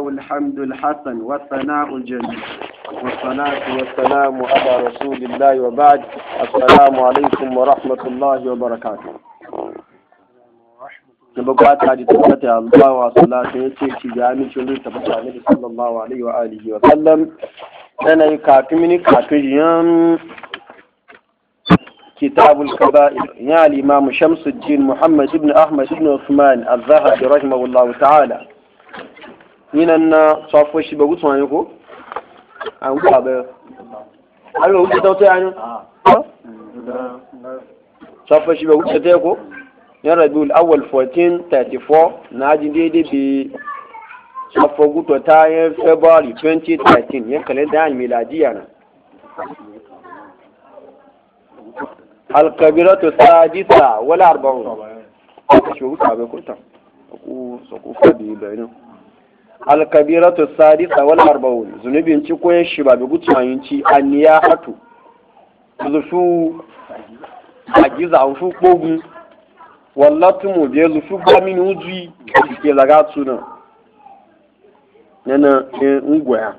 الحمد الحسن والثناء الجميل والصلاة والسلام على رسول الله وبعد السلام عليكم ورحمة الله وبركاته نبقات عجي تبقات الله وصلاة تيشي جامي شلو تبقى عليه صلى الله عليه وآله وسلم أنا يكاكمني كاكمني كتاب الكبائر يعني الإمام شمس الدين محمد بن أحمد بن عثمان الذهبي رحمه الله تعالى yinan na safo shi ba gutsuwa ne ko an guba bayo an guba ta wata yanin safo shi ba gutsuwa ta ko yan rabiul awal 1434 na aji daidai bi safo gutsuwa ta yan february 2013 yan kalenda yan miladiya na alkabiratu sadisa wala arba'un ko shi gutsuwa alkabiratu sadisa wal arba'un zunubin ci ko shi ba bi gutsuwayin ci ya hatu zufu agiza ufu kogun wallatu mu biye zufu ba min uji ke laga tuna nana ngwaya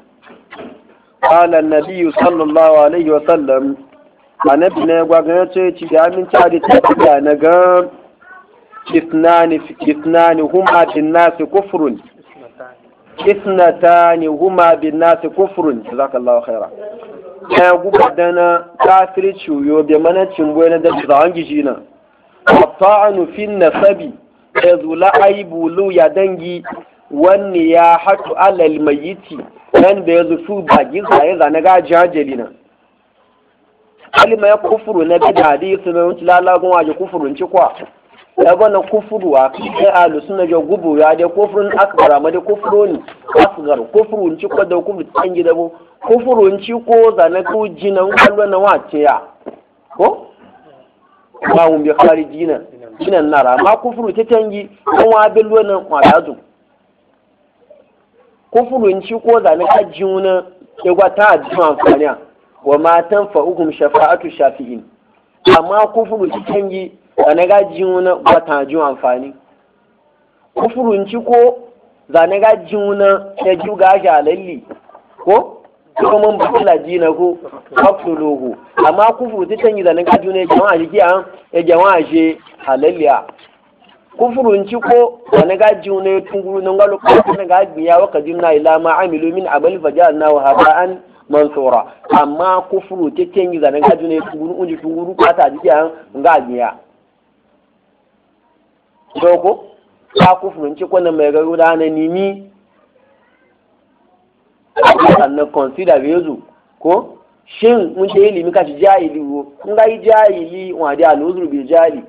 qala an-nabi sallallahu alaihi wa sallam annabi ne gwagan ya ce ci da min ta da ta na ga kitnani kitnani huma tin nas kufrun isnatani huma bin nasi kufrun jazakallahu khaira ya guba dana kafir ciyo bi mana cimbo na da zan gishi na ta'anu fin nasabi yazula aibu lu ya dangi wanne ya hatu alal mayiti nan da yazu su ba gisa ya zana ga jajeli na ya kufuru na bi hadisi na wuce waje kufurun ci kwa yabana kufuru a kai alu suna ga gubu ya dai kufurin akbara ma dai kufuru ne asgar kufuru ci ko da kufuru tan gida mu kufuru ci ko zana ko jinan kallo na wace ya ko ba mun bi kharijina jinan nara ma kufuru ta tangi kan wa billo nan ma da zu kufuru ci ko zana ka jiuna e ya gwata a jiwa amfani wa matan fa'ukum shafa'atu shafi'in amma kufuru ta tangi wane gaji wuna wata ji amfani kufurunci ko zane gaji wuna ya ji gashi alalli ko kuma mun batila ji na ko faktulu ko amma kufuru ta tanyi zane gaji wuna ya jama'a jiki kiyan ya jama'a shi alalli a kufurunci ko zane gaji wuna ya tunguru nan galo ko na gaji ya waka jinna ila ma amilu min abal fajal na haka an mansura amma kufuru ta tanyi zane gaji wuna ya tunguru unji tunguru kwata ji kiyan ga biya doko ya kufunci kwana mai garu da hana nimi sannan consider bezu ko shin mun ce ilimi ka ci jahili wo kun ga yi jahili wa da aluzur jahili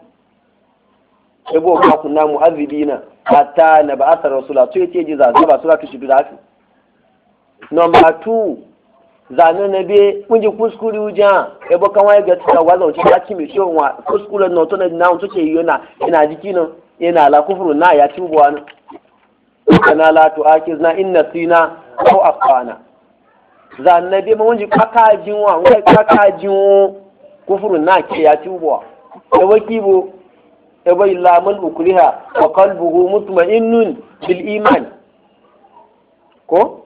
ebo ka kunna mu'azzibina hatta na ba asar rasula to yace ji za ba sura ta shidu dafi number 2 zanen na be mun ji kuskure wuja ebo kan waye ga tsaka wazan ci ta kimi shi wa kuskure na, to na yana ina jiki nan ina la kufru na ya tubu wani kana la na inna sina ko afana zan nabi mun ji kaka jinwa wai kaka jinwo kufru na ke ya tubu da wakibo da bai lamal ukriha wa qalbuhu mutma'innun bil iman ko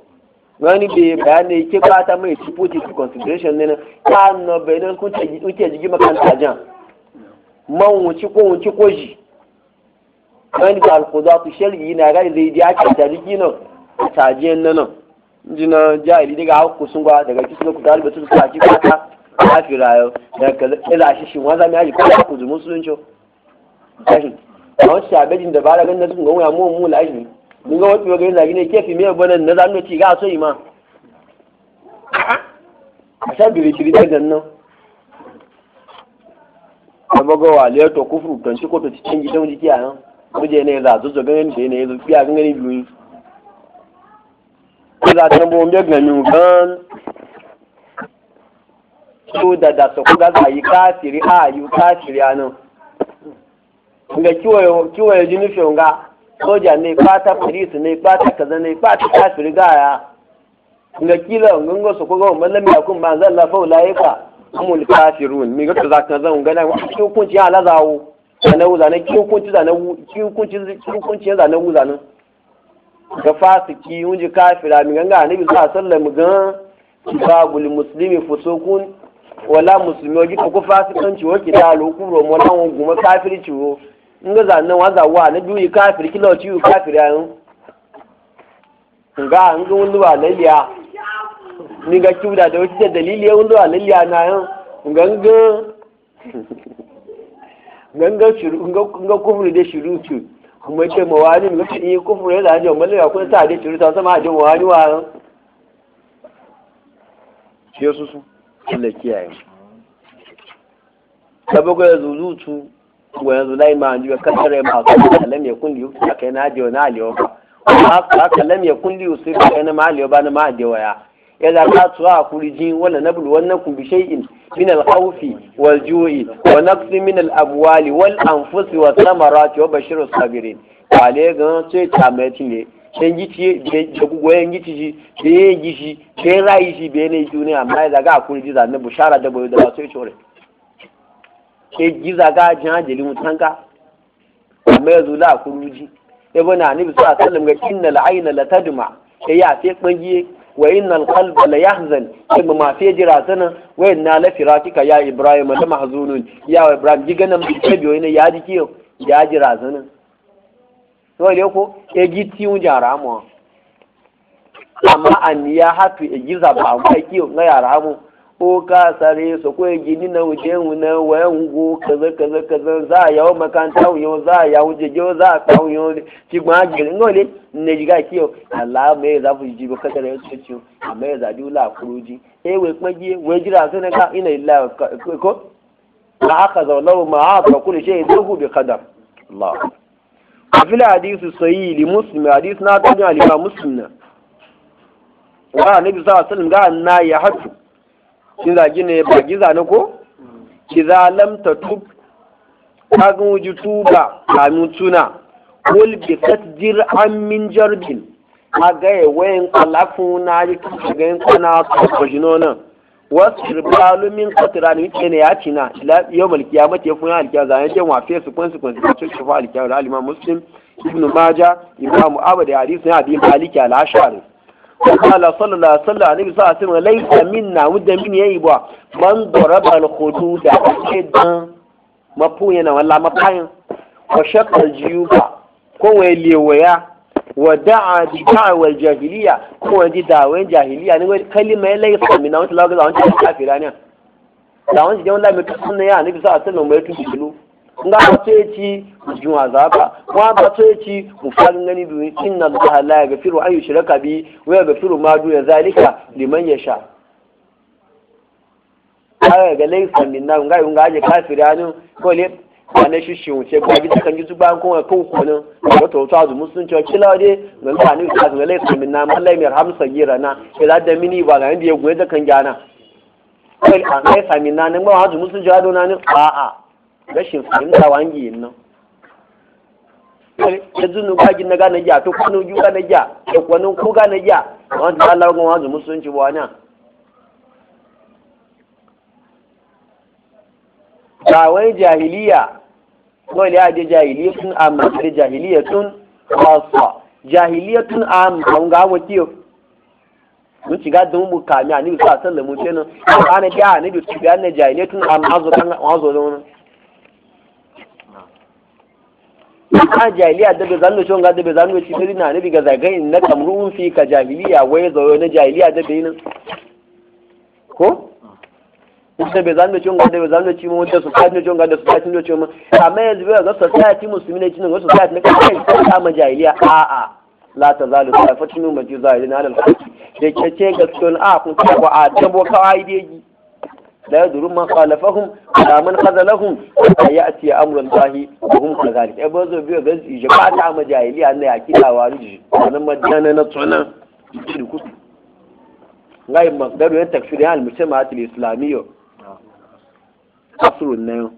wani be bayani ke kata mai chipote to consideration ne ka no be nan ku ce ku ce jigi makanta jan man ko wuci ko ji kan da alqudatu shar'i na ga zai ji aka tariki nan tajiyan nan jina jahili daga hakku sun daga kisu ku dalibi su ka ci ka kafi daga kaza shi shin wanda mai ko ku zu musulunci kashi awon shabejin da ba da ganin sun ga waya mu mu laji mun ga wato ga yana gine kefi me bana na zanu ci ga so ima a sha ko cikin gidan jiki a yàn. kuje ne za su ganin da ne biya fiya ganin biyu ko za ta bo mbe ganin kan su da da su kuga za yi kafiri a yi kafiri a nan ga kiwaye jinufin ga soja ne fata polis ne fata kaza ne fata kafiri ga ya ga kila ngungo su kuga wannan lamin akun ba zan lafa ulaika amul kafirun mi ga za ka zan gana hukunci ala zawo zanen wuzanen kinkunci zanen kinkunci kinkunci zanen ga fasiki yunji kafira mi ganga annabi sallallahu alaihi wasallam gan babul muslimi fusukun wala muslimi ogi ko fasikanci wa kitalu kuro mo lan guma kafiri ciwo. nga zanen waza wa na biyu kafir kilo ciwo kafir ayun. nga an wa ni ga kiuda da dalili ya na nga nga ganga shiru ga kufuri da shiru ce kuma ce mawani ga shi kufuri ya zaje na lawa kun sa da shiru ta sama da mawani wa shi ya susu Allah kiyaye sabago ya zuzutu wa yanzu lai ma ya kun yu kai na na aliyo ba kalam ya kun yu sai kai na aliyo ba na waya idza qatu akhrijin wa la nablu wa nakum bi shay'in min al wal ju'i wa na naqs min al'abuwali abwal wal anfus wa thamarati wa bashir as-sabirin ale ga ce ta meti ne sai giti je gugu yan giti ji be giti be rai ji be yi juni amma idza ga akhrijin za nabu shara da boyo da masu sai chore ke giza ga jan jeli mutanka amma ya yanzu la akhrijin ibn anibi sallallahu alaihi wasallam ga innal ayna la tadma ya sai kwangiye wa innal qalba la yahzan kuma ma fi jira sana wa inna la firaqika ya ibrahim la mahzunun ya ibrahim gigana mu tabiyo ne ya ji kiyo ya jira sana to le ko ya ji ti un jara mo amma an ya hatu e giza ba mu kiyo na yara mu ko ka sare su ko gini na wuce mu na kaza kaza kaza za a yawo makanta wuyo za a yawo jeje za a kawo yo ci gba gele ngole ne jiga kiyo ala me za fu jibo kaka da yace ciyo amma ya zadi ula kuruji e we kwaje we jira sun ka ina illa ko ma shay bi qadar Allah na na ya hatu. kin zagi ne ba giza ne ko ki zalam ta tub kagan wuji tuba kamin tuna kul bi tadjir am min jarbin a gaya wayan kalafin na ji tuka gayin kana kwashino na. wasu shirbalu min qatran ne wuce ne ya tina na yau malkiya mace funa alkiya zan ce wa fe su kwansu kwansu kwansu shafa alkiya da imam muslim ibn maja imam abu da hadisi na abin maliki al-ashari ala sallallahu alaihi wasallam anabi sallallahu alaihi wasallam lai ta min na wuda min yayi ba man daraba al khududa idan mapu yana wala mapayin wa shaqa al jiyuba ko wai lewaya wa da'a bi wa wal jahiliya ko wani dawen jahiliya ni wai kalima lai min na wuda lawa ga wani kafira ne lawan jiyan lai mai kasan ne ya anabi sallallahu alaihi wasallam mai tuntu nga bato ci jin azaba kuma bato yaci mu farin gani domin inna Allah la yaghfiru an yushraka bi wa yaghfiru ma duna zalika liman yasha aya ga laysa minna nga yunga aje kafiri anu ko le wane shi shi wuce ba bi takan yuzu ban kuma ko kunu ga to ta zu musun cewa kila de nan ta ni ta ga laysa minna ya mai hamsa na ila da mini ba ga inda ya goye da kan gana kai an laysa minna nan ba ha zu musun cewa dona ni a rashin fahimta wangi yin nan da zunu gaji na gane ja to ju gane to kwanu ko gane ja wanda Allah ga wazu musulunci ba wani ba wai jahiliya ko ne jahiliya tun amma da jahiliya tun jahiliya tun amma ga mun ga kami sallamu kenan ana a jahiliya da bai zanu shon ga da bai zanu shi sai na nabi ga zagayin na kamrun fi ka jahiliya wai zawo na jahiliya da bai nan ko da bai zanu shon ga da bai zanu shi mu da su kafin shon ga da su kafin shon shi amma yanzu bai ga society musulmi ne cinin wasu society ne kai ta ma jahiliya a a la ta zalu ta fatinu ma ji zalina na alal haqi da ke ce gaskon a ah, kun ta ba a tabo kawai dai لا يدرون من خالفهم ولا من خذلهم حتى يأتي أمر الله وهم كذلك أبو زو بيو غز جماعة عام جاهلية أن يأكي أنا ما جانا نطعنا يجري كتب غير مقدر أن تكفيرها يعني المجتمعات الإسلامية أصل النيو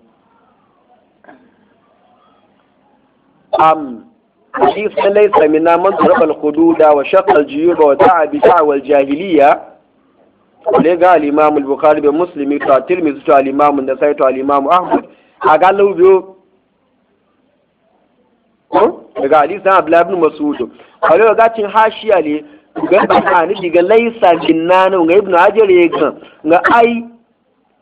أم حديث ليس منا من ضرب الخدود وشق الجيوب ودعا بدعوى الجاهليه ne ga al'imamu bukari da musulmi to tirmidhi to al'imamu imam da sai to al ahmad a ga laubiyo daga hadisin abdullah ibn mas'ud kawai ga cin hashiya ne ga ba ni diga laisa jinnana ga ibn hajar ya ga ai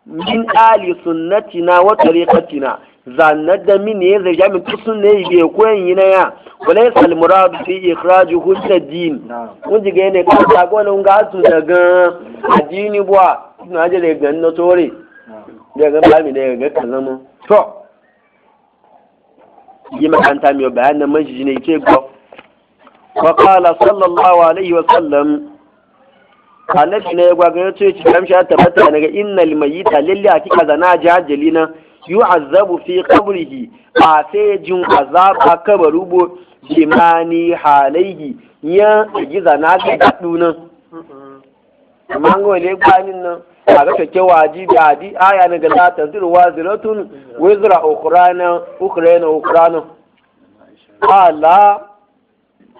min ali sunnatina wa tariqatina zannar da mini ya zai jami tusun ne yi bai koyan yi na ya wala ya salmura fi Ikiraju, hujja din kun ji gane ka ta gona ga su daga addini buwa suna je da gan na tore daga bami daga ga kallama to yi makanta mai bayan na majiji ne ke gwa wa kala sallallahu alaihi wa sallam kanafi na ya gwagwa ya ce ci kamshi ta tabbata daga Inna innal lalle a kika zana jajali na yu'azzabu fi qabrihi a sai jin a kabaru bo jimani halaihi ya giza na ga dadu nan amma an gole kwanin nan a ga kake wajibi a di aya na ga zata zirwa ziratun wizra ukraina ukraina ukraina ala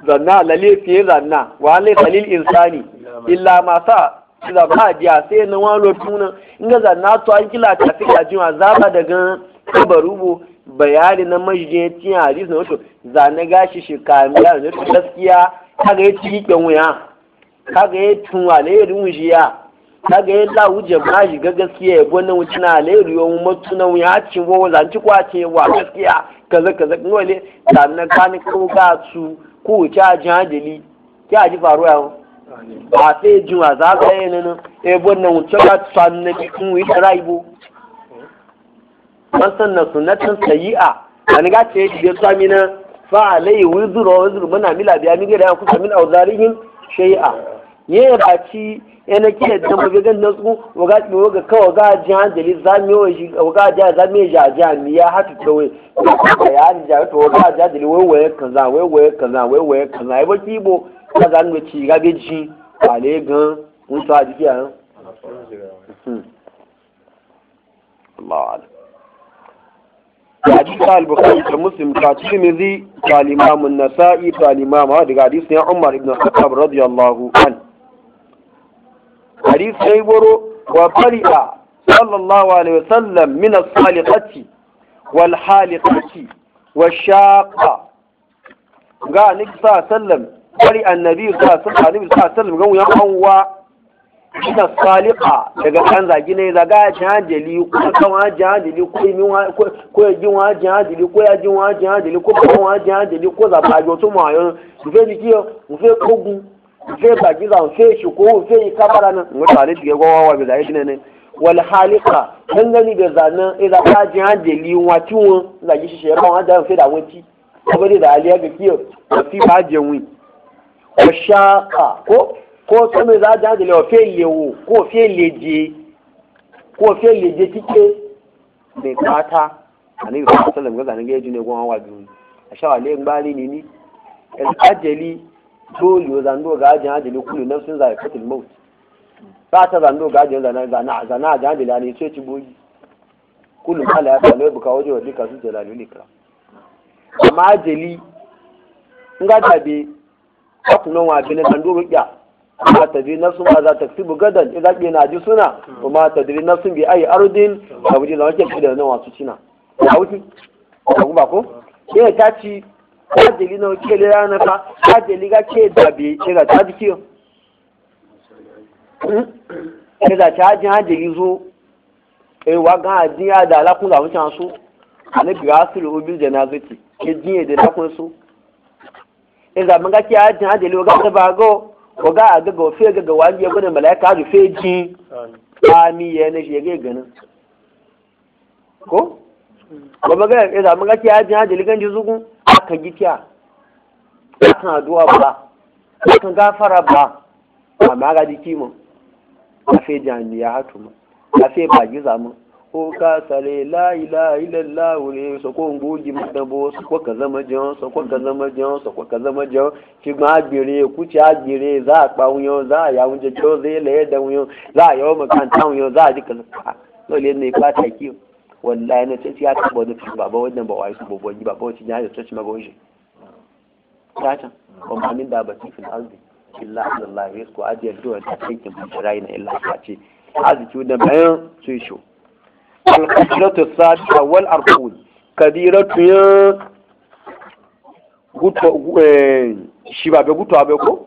zanna lalefiye zanna wa alai salil insani illa ma sa za ba biya sai na walo tuna in ga za na to an kila ta fi kajin azaba daga kabarubo bayani na majiyar tiyan hadis na wato za na gashi shekaru ya na to gaskiya kaga ya ci kyan wuya kaga ya tunwa lairi wujiya kaga ya la wuje ma shi ga gaskiya ya gwanin wuce na lairi yawon mutu na wuya cin wawa zanci kwace wa gaskiya kaza kaza kuma ne za na kani kawo ga su ko wuce a jihadili ki a ji faruwa yawon a fe jin a zaga yi nan ebo na wuce ba ta na bikin wuyi tara ibo man san na sunatan sayi'a an ga ce yake da sami na fa alai wuzuru wuzuru muna mila biya mi gida kusa min auzarihim shay'a ye ba ci yana kike da mu ga nan su waga waga kawa ga jihan dali zami wa shi waga ja zami ja ja mi ya hatu ya ja to ja dali wai wai kaza wai wai kaza wai wai kaza ai ba kaza nwe ci gabe ji wale gan mun to ajiki a Allah ala hadisi al-bukhari da muslim ta tirmidhi ta imam an-nasa'i ta imam wa daga hadisi ne umar ibn khattab radiyallahu an hadisi sai goro wa Fari'a, sallallahu alaihi wa sallam, min as-saliqati wal haliqati wa shaqqa ga annabi sallallahu alaihi wasallam kwari annabi sa sun annabi sa sallam gan wuyan anwa ina salika daga kan zagi ne zaga ya jin hadili ko kan wa jin hadili ko mi wa ko ya jin wa jin hadili ko ya jin wa jin hadili ko kan wa jin hadili ko za bajo to mu ayo mu fe biki mu fe kogun mu fe bagiza mu fe shi mu fe kabara nan mu tare dige gowa wa bi da yidin ne wal halika kan gani da zanan eh, idan ka jin hadili wa tiwon zagi shi shi ran wa da fe da wanci ko da aliya ga kiyo fi ba jin wi ọ̀ṣáàkà kó kó sọ́mi ìdájọ́ àjẹlẹ̀ ọ̀fẹ́ ìléwò kó ọ̀fẹ́ ìléje kó ọ̀fẹ́ ìléje títí lè pátá àní ìfọwọ́ sọ́lẹ̀ mọ́tò àní gẹ́gẹ́ dúnú ẹgbọ́n wà dùn àṣàwàlẹ́ ń gbárí nìní àjẹlí tó lò zando ga ajiyar àjẹlí kúlù náà sun zàrí kọtùl mọ́t pátá zando ga ajiyar zana ajiyar àjẹlí àni tó ti bóyí kúlù má lè yàtọ̀ lóyè bùkà wọ́jọ́ wọ́dí kakunan wa bi na duru rukiya ma ta bi nasu ma za ta fi bugadan idan ke na ji suna ko ma ta diri nasu bi ayi arudin ka wuce zama ke fi da nan wasu cina ya wuce ba ku ba ko ina ta ci ajali na ke ya na fa ajali ga ke da bi ke ga ta ji kiyo ke da ta ji ajali zo e wa gan ajin ya da alakun da wuce an so anabi asiru obil janazati ke jiye da lakun su iza mun ga kiya jin hadi lo ga ta ba go ko ga ga go fe ga ga wani ya gudun malaika ju fe ji ami ya ne shi ga ganin ko ko ba ga iza mun ga kiya jin hadi ligan ji zugun aka gi kiya akan addu'a ba akan gafara ba amma ga dikimo a fe jani ya hatu mu a fe ba giza mu ko ka sale la ilaha illallah ne so ko ngogi madabo so ko ka zama jan so ko ka zama jan so ko ka zama jan ki ma agbere ku ti agbere za pa unyo za ya unje to ze le da unyo za a makan ta unyo za ji kan ka no ne pa ta ki wallahi na ce ya ta bodo ki ba, wannan ba wai su bobo ji ba, wacin ya ta ci mago shi ta ta ko ma min da ba ci fil ardi illa allah ya ko ajiyar duwa ta cikin bijirai na illa ta ce aziki wannan bayan su yi shi alkasiratu a wal arkuz kadiratu ya guto shi ba be guto abe ko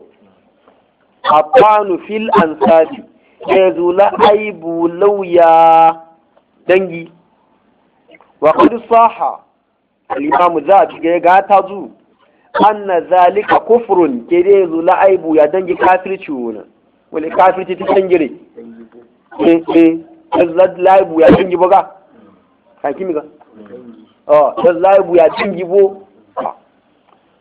afanu fil ansari yanzu la aibu lauya dangi wa kudu saha al'imamu za a ga ga ta zu na zalika da ya yanzu la aibu ya dangi kafirci wannan wani kafirci ta dangire tazlai bu ya jingi boga hakimi ga oh tazlai bu ya jingi bo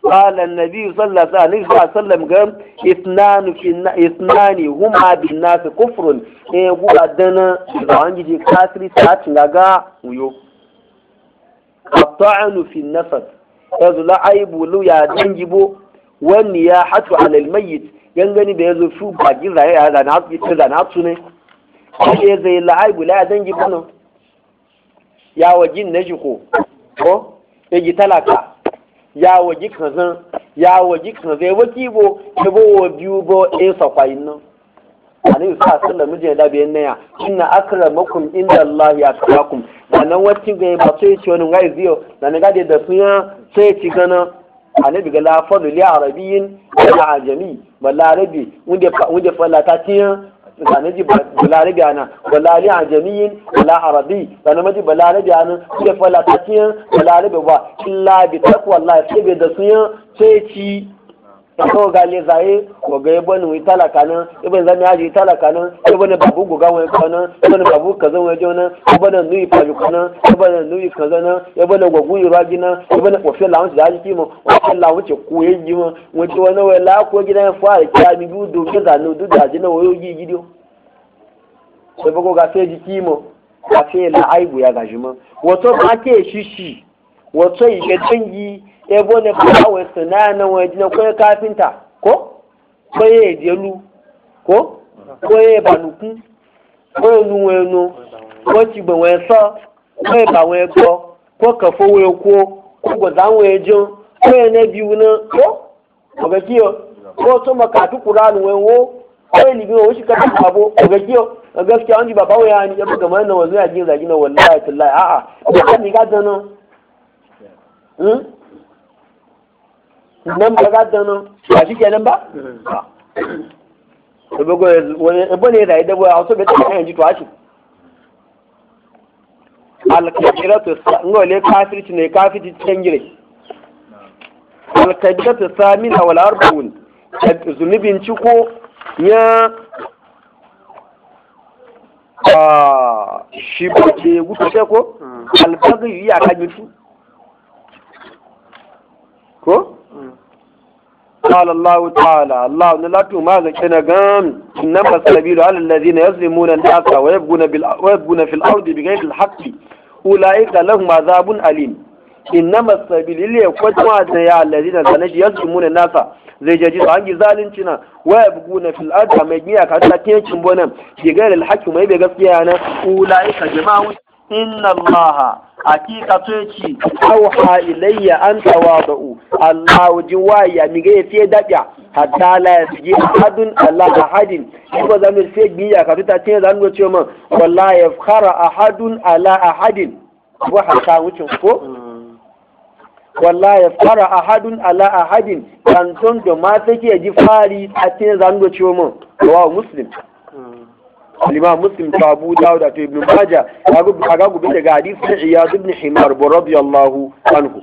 قال النبي صلى الله عليه وسلم قال اثنان في اثنان هما بالناس كفر ايغو ادنا زان جي كاسري سات نغا ويو الطعن في النفس هذا لا عيب لو يا دنجبو والنياحة على الميت ينغني بيزو شو باجي زي هذا ناس يتزا ناس ne ake zai la'aibu la zan ji bano ya wajin na jiko ko ya ji talaka ya waji kazan ya waji kazan ya waki bo ya bo wa biyu bo ya sakwa yin nan yi sa sallam mijin da ya naya inna akramakum inda Allah ya tsakum wannan wacce ga ba sai ci wani ngai ziyo da ne gade da sunya sai ci gana annabi ga la fadlu li arabiyin ala ajami bal arabi wunde wanda fallata tiyan zane ji balare gana balare a jami'in wala arabi zane maji balare gana da falatakiyan balare ba illa bi takwa Allah sai da sun sai ci kawo gale zaye ko ga yabo ni talaka nan ibn zami aji talaka nan yabo ne babu guga wani kana ne babu kaza wani jona ne nuyi faju kana ne nuyi kaza nan ne gogu yura gina yabo ne kofi lawo da haji kimo kofi lawo ce ko ye jima wani wani wai la ko gidan fara kiya mi bi do ke da no du da jina wayo gi gidio do, bago ga la ya ke wato ike dangi ebo ne ba wa sana na waje na koyi kafinta ko koyi edelu ko koyi banuku koyi nuwa enu ko cigbe wọn sọ koyi ba wọn gbọ ko kafo wọn ko ko gwaza wọn ejo koyi na biyu na ko ọbẹ kiyo ko to maka tukura nu wọn wo koyi libi wọn wuce kasa babo ọbẹ kiyo a gaskiya wani baba wọn ya ni ya buga mana wanzu ya gina zagi na wallahi tallahi a'a da kan ni ga dano Hmm? nan ba za ta nan ba shi kenan ba hmm. sabogo wani ebe ne rayu da a wasu bai ta yanzu to ashe alkabiratu ngole kafirci ne kafirci cikin gire alkabiratu samina wal arba'un zunubin ciko ya a ah, shi ba ke gutu ko hmm. albagi ya kan mutu ko Allah ta'ala Allah ne latu ma ga kina gam. nan ba wa yabguna bil fil ardi bi ghayri al haqqi ulaika lahum alim yakwatwa ya zai jaji su zalunci na waya mai miya kasa kinkin bonan shigar mai bai gaskiya na ula ika inna allaha hakika to ci auha ilayya an tawadu Allah ji waya mi ga yafi dabiya hatta la yasji ahadun Allah ahadin ko zamir sai giya ka tuta tin zan go ce man wallahi yafkhara ahadun ala ahadin wa hatta wucin ko wallahi yafkhara ahadun ala ahadin kan ton da ma take ji fari a tin zan go ce man wa muslim alima مسلم ta abu ابن ta ibn maja قاديس ga gube daga hadisin الله عنه himar قاديس radiyallahu anhu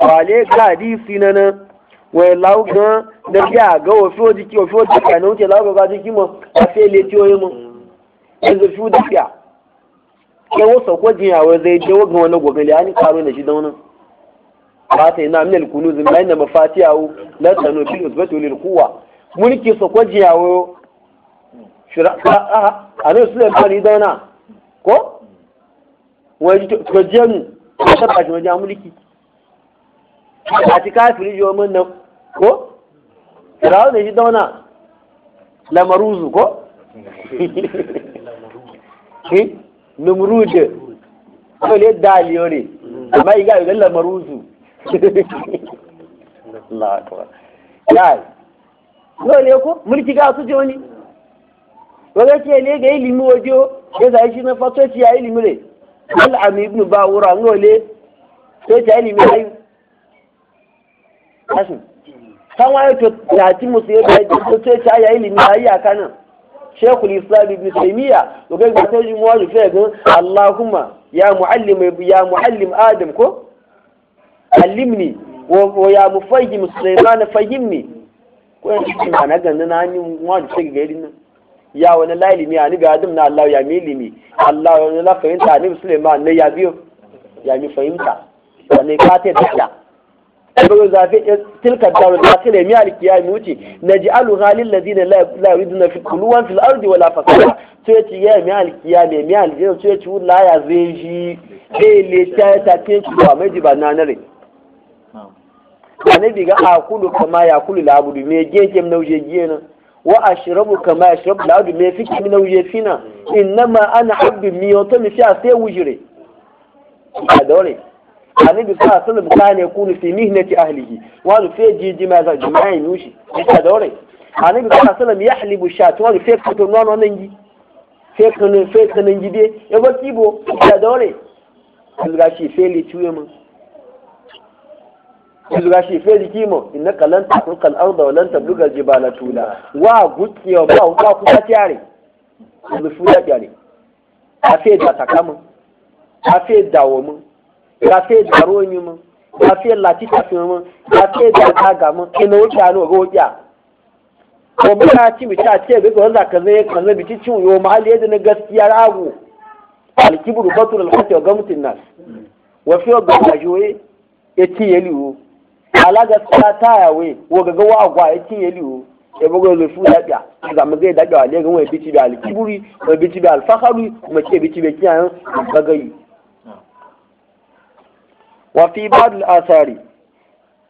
wale ka hadisi na nan وشو ديكي da ya ga wafi wajen ما wafi wajen ka na wuce lauga ga jiki mu a sai letiyoyi mu yanzu fi da fiya ke wasu kwajin yawon zai je wagan wani gwagali an karo da shi da ba ta yi na na mulki abin su zai fari zauna ko? wajenu ko taba shi wajen mulki a ci kafiri ji wamin nan ko? firawun da shi zauna lamaruzu ko? numrude ko ne daliyo ne amma iga yi lamaruzu la'akawar ya yi ne ko mulki ga su je wani wagace ne ga ilimi wajo ya zai shi na fatoci ya ilimi ne al'ami ibn bawura ngole to ta ilimi ayu asin tó to ti musu ya ga to ce ya ilimi ayi akana shekul islam ibn taymiya to ga ga to ji mu wani fe ga allahumma ya muallim ya adam ko allimni wa ya mufahim sulaiman fahimni ko ya na ni ya wani la ilimi a nibi adam na Allah ya mi ilimi Allah wani la fahimta nibi Suleiman ne ya biyo ya mi fahimta wani ka ta da Ibn zafi eh, tilka daru da ta ne mi alkiya mi wuce na ji alu halin lazina la yuriduna fi kuluwan filardi wala fasada to ya ci ya mi alkiya ne mi aljina to ya ci wula ya zai shi zai le ta ta ce ki ba mai ji ba nanare annabi ga akulu kama ya kulu labudu me gege mu nauje giye nan wa shirabu kama shirabu al abu mai fiki in wuyefina ma ana abdu mi yoto mi fi sai wujire adore annabi sa ta kana yakunu fi mihnati ahlihi wa lu fi jiji mai za jama'i nushi adore annabi sa ya halibu sha wa wani fi kuto nono nangi fi kanin fi kanu ngide e ba kibo a ga shi feli tuwe mun zuwa shi fe jiki mu inna kalan kun al-arda wa lan tabluga jibala tula wa gutsi wa ba wa kusa tare lufu ya tiyare a fe da takamu a fe dawo mu a fe daro ni mu a fe lati tafi mu a fe da taga mu ina wuce anu ga ya ko mu ta ci mu ta ce ko wanda ka zai kan zai bici cin yo mahali yadda na gaskiya rago al-kibru batul al-haqqi wa gamtin nas wa fi wa gajoye ya ci yaliwo alaga ta taya we wo gaga wa gwa yake yeli o e bogo le fu daga za mu zai daga le gan we bici bi alkiburi we bici bi alfakhari kuma ke bici bi kiyan bagayi wa fi ba'd al-athari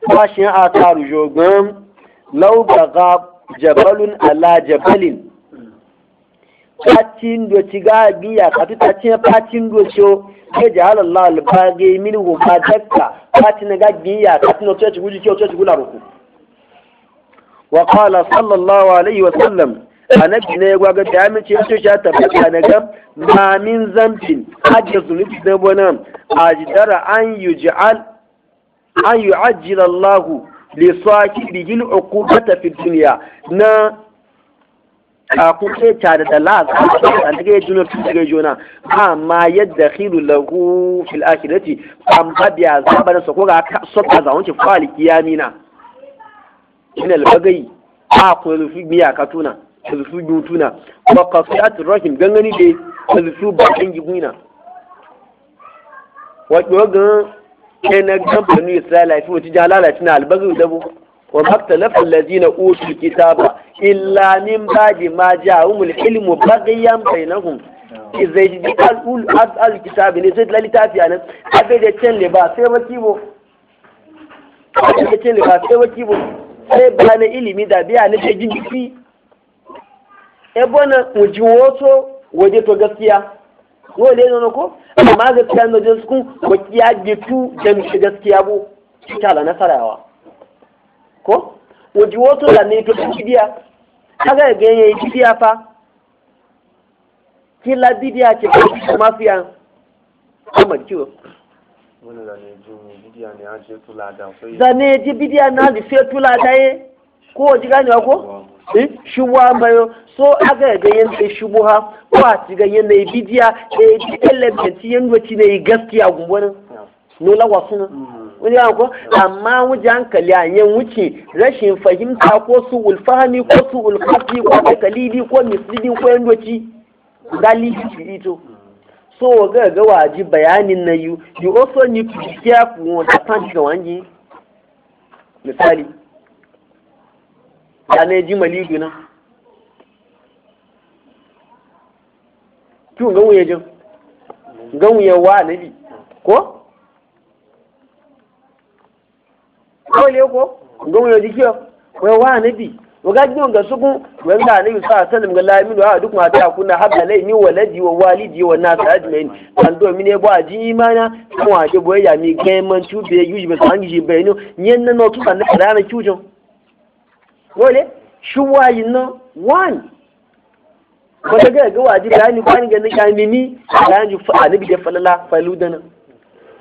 bashin atharu jogan law baga jabalun ala jabalin pacin doci ga biya kafin pacin pacin doci ke ji halallah albage min ba fatin pacin ga biya kafin na coci guji kyau coci gula ruku wa qala sallallahu alaihi wa sallam annabi ne gwa ga da mace ya tusha ta fata na ga ma min zambin hajja zulubi da bona ajdara an yuj'al an yu'ajjil Allah li sahibihi al-uqubata fi dunya na a kuke tare da las an take juna tun cikin juna amma yadda khilu lahu fil akhirati am babiya zabar sa ko ga sokka za wanke fali kiyamina min al bagai a ko lufi miya katuna lufi butuna wa qasiat rahim gangani de ba bakin giguna wa dogan kenan gabanin israila fi wata jalala na albagai dabo wa maktalafa lazina utul kitaba illa min ba'di ma ja'ahumul ilmu baghyan bainahum izai ji al'ul al kitabi ne sai da littafi anan abai da can ba sai ba kibo abai da can ba sai ba bo, sai ba na ilimi da biya na ce jiki e bona uji woto waje to gaskiya wole ne ko amma gaskiya na jinsu ko ya gitu da gaskiya bo ta la nasarawa ko waje wato da ne to ɗin bidiya kaga ga yayi bidiya fa kila bidiya ce ko mafiya amma kiwo zane ji bidiya na ji sai tula da ye ko ji ganewa ko hm? shubuha bayo so aga ga yanda shubuha ko a ci ga yanda bidiya e element yanda ci ne gaskiya gumbonin no lawa sunan hmm. wajen ko amma wajen hankali a yin wuce rashin fahimta ko su ulfahami ko su ulfafi ko takalidi ko misidin ko yan doci galibi ito so ga ga waji bayanin na yu you also need to be careful when the punch ga wangi misali ya ne ji malidu na kiwon ganwuye jin wuya wa nabi ko kawai ko gomu yau jikiyo wai wa nabi waga jiyon ga sukun wani da nabi sa salim ga lami da duk mata ya kuna habba lai ni waladi wa walidi wa nasu ajmain kan domin ne ba ji imana kan wa ke ya mi gaiman tube yuji ba san ji bayinu nyen na no tuka na kana kyujin wole shuwayi na one ko daga ga waji bayani kwani ga na kamini bayani fa anabi da falala faludana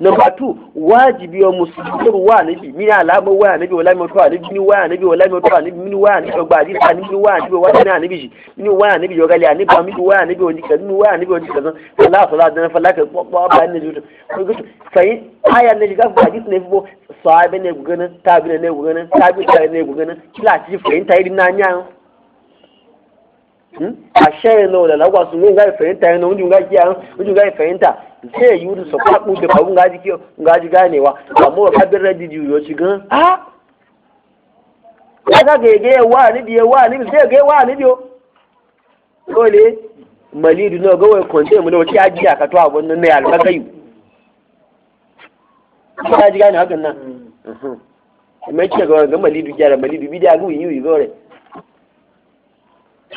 number two wajibi wa musulmi wa nabi mini alama wa nabi wala mi to nabi ni wa nabi wala mi to nabi mini wa nabi gba di ta ni wa nabi wa na nabi ji ni wa nabi yo gali ani ba mi wa nabi oni kan ni wa nabi oni kan sala sala dan fala ka ba ba ni ju ko gutu sai aya ne ga ba di ne bo sahabe ne gugana tabi ne gugana tabi ne gugana kila ci fahimta na nyaa Hmm? àṣẹ ìlọ ọ̀lẹ̀ lágbàsó ní nga ìfẹ̀yìntà ẹ̀nà oúnjẹ nga jíà oúnjẹ nga ìfẹ̀yìntà ṣé èyí ó ti sọ pé àpò ìdẹ̀fà ó nga jí kí nga jí gáà nìwá àmọ́ ọ̀ká bẹ̀rẹ̀ didi ìrọ̀ sí gan. Ṣé gègé wà níbi ẹ̀ wà níbi ṣé gègé wà níbi o? Ó lè mọ̀lẹ́ ìdùnnú ọgọ́wọ́ kọ̀ǹtẹ́ mu lọ́wọ́ tí a jí àkàtọ́ àwọn nínú ẹ̀ àlùbáṣẹ́ yìí. Ṣé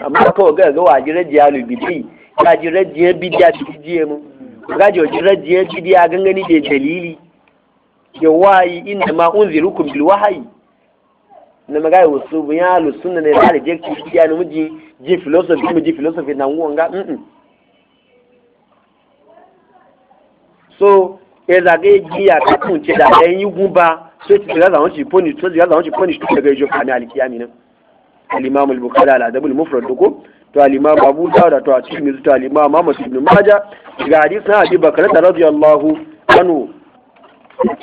amma kawai ga gawa ji rajiyar lubidi ya ji rajiyar bidiya da jiye mu ga ji wajen rajiyar bidiya gangani da dalili ya wayi inda ma unziru kun bil wahayi na magana wasu bin ya lusunna ne da reject bidiya na muji ji philosophy mu ji philosophy na nguwan nga mm so ya zage giya ka ce da yan yi guba so ti ga zawon shi punish to ga zawon shi punish to daga ijo kami alkiyami nan al-imam al-bukhari al-adab al-mufrad ko to al-imam abu dawud to a cikin to al-imam muhammad ibn majah ga hadisi na abi bakr radiyallahu anhu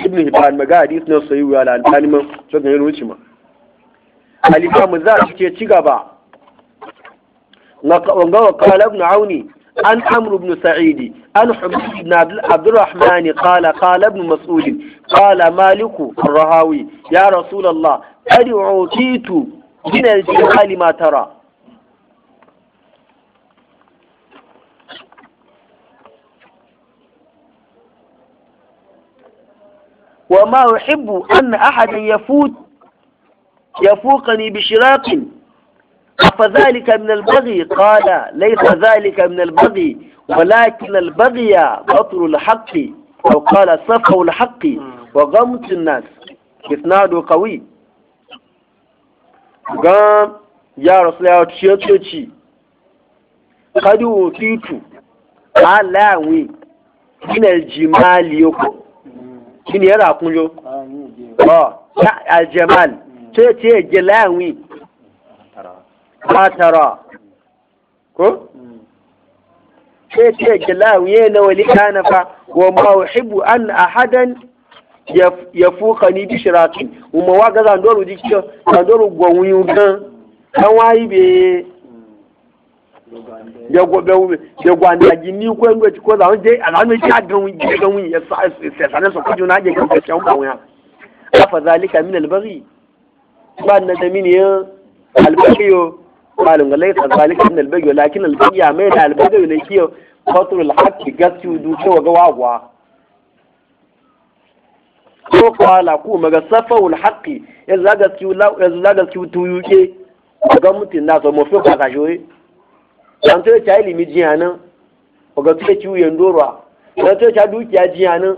ibn hibban ga hadisi na sahihu al-albani man so ga yin wuce ma al-imam za shi ke ci gaba ngawa qala ibn auni an amr ibn sa'id. an hubayb ibn abd الرحمن قال قال ابن مسعود قال مالك الرهاوي يا رسول الله قد أوتيت من الجهال ما ترى وما أحب أن أحد يفوت يفوقني بشراق أفذلك من البغي قال ليس ذلك من البغي ولكن البغي بطل الحق أو قال صفه الحق وغمت الناس إثناد قوي gan ya rasu ya ce ceci kadi a alawi minal jimali yoko kini yara kunjo ba aljamal ce ya gilawi matara ko ce ya gilawi yana nawali kanafa wa ma'uhibu an ahadan ya fuka ni bi shirati umma wa ga zandoru dikyo zandoru gwanwu yugan kan wayi be ya gobe wu ya gwanda ji ni ko ngwe ko zawon je alanu ji agan wi ji gan wi ya sa sa so ko juna je kan ka kan ba wuya afa zalika min al-baghi ba na da min ya al-baghiyo malum laysa zalika min al-baghi lakin al-baghi ya mai da al-baghi ne kiyo qatl haqq gasu du ko ga ko ala ku maga safawul haqqi yanzu zaga kiwu yanzu zaga kiwu tuyuke ga mutin na so mo fe ka kajoye dan to ta ilimi o ga to kiwu yandorwa dan to ta dukiya jiyana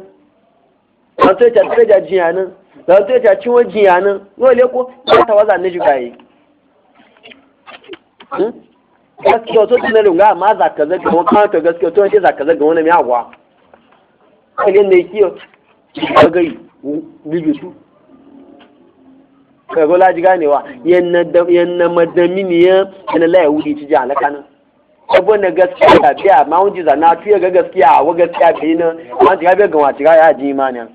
dan to ta treja jiyana dan to ta ciwo jiyana le ko ta waza ne jugaye hmm? gaskiya to tunan ga ma za ka zaga wani kanta gaskiya to ne za ka zaga wani mai agwa kalin da ya kiyo gagari biju su kago laji ganewa yanna ya yana laye wuri ci ji alaka nan abubuwan na gaskiya ga biya ma wun ji zana tuye ga gaskiya a wa gaskiya biyu nan an ji ga gama ci ya ji imaniya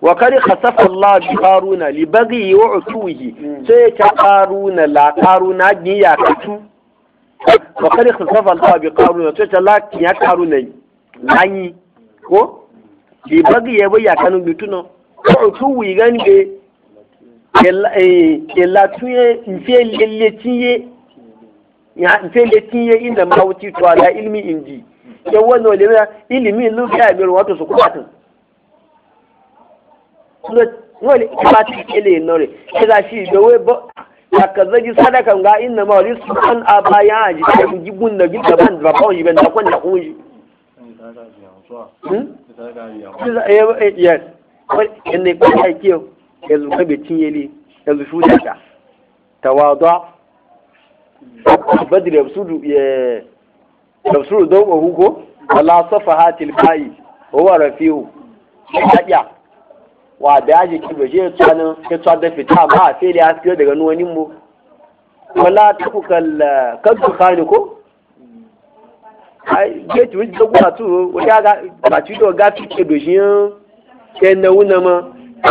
wa kari khasafa Allah bi qaruna li baghi wa utuhi sai ta qaruna la qaruna ji ya katu wa kari khasafa Allah bi qaruna sai ta la ya qaruna lanyi ko bi bagi ya bai yakanu bituno ko tu wi gan be kela tuye nfe lele tiye ya nfe le tiye inda ma to ala ilmi indi ya wannan le na ilimi lu ka bi wato su kwatu kuma wani ba ti kele no re kaza shi da we bo aka zaji sadaka ga inna ma wali subhan abaya aji ta gibun da gidan ban ba kawai ban da kun da kun yi yes ne ko ya ke yanzu ka bai cinye ne yanzu shuda ta tawada badri yabsudu yabsudu dawahu ko wala safahatil bayi huwa rafiu ya wa daji ki baje tsanin ya tsa da fita ma a sai da ya daga nuwanin mu wala tukal kadu khani ko géètì ojú gbogbo àtú orí àtúndò gáfí kébè sí ń ẹnáwó náà mọ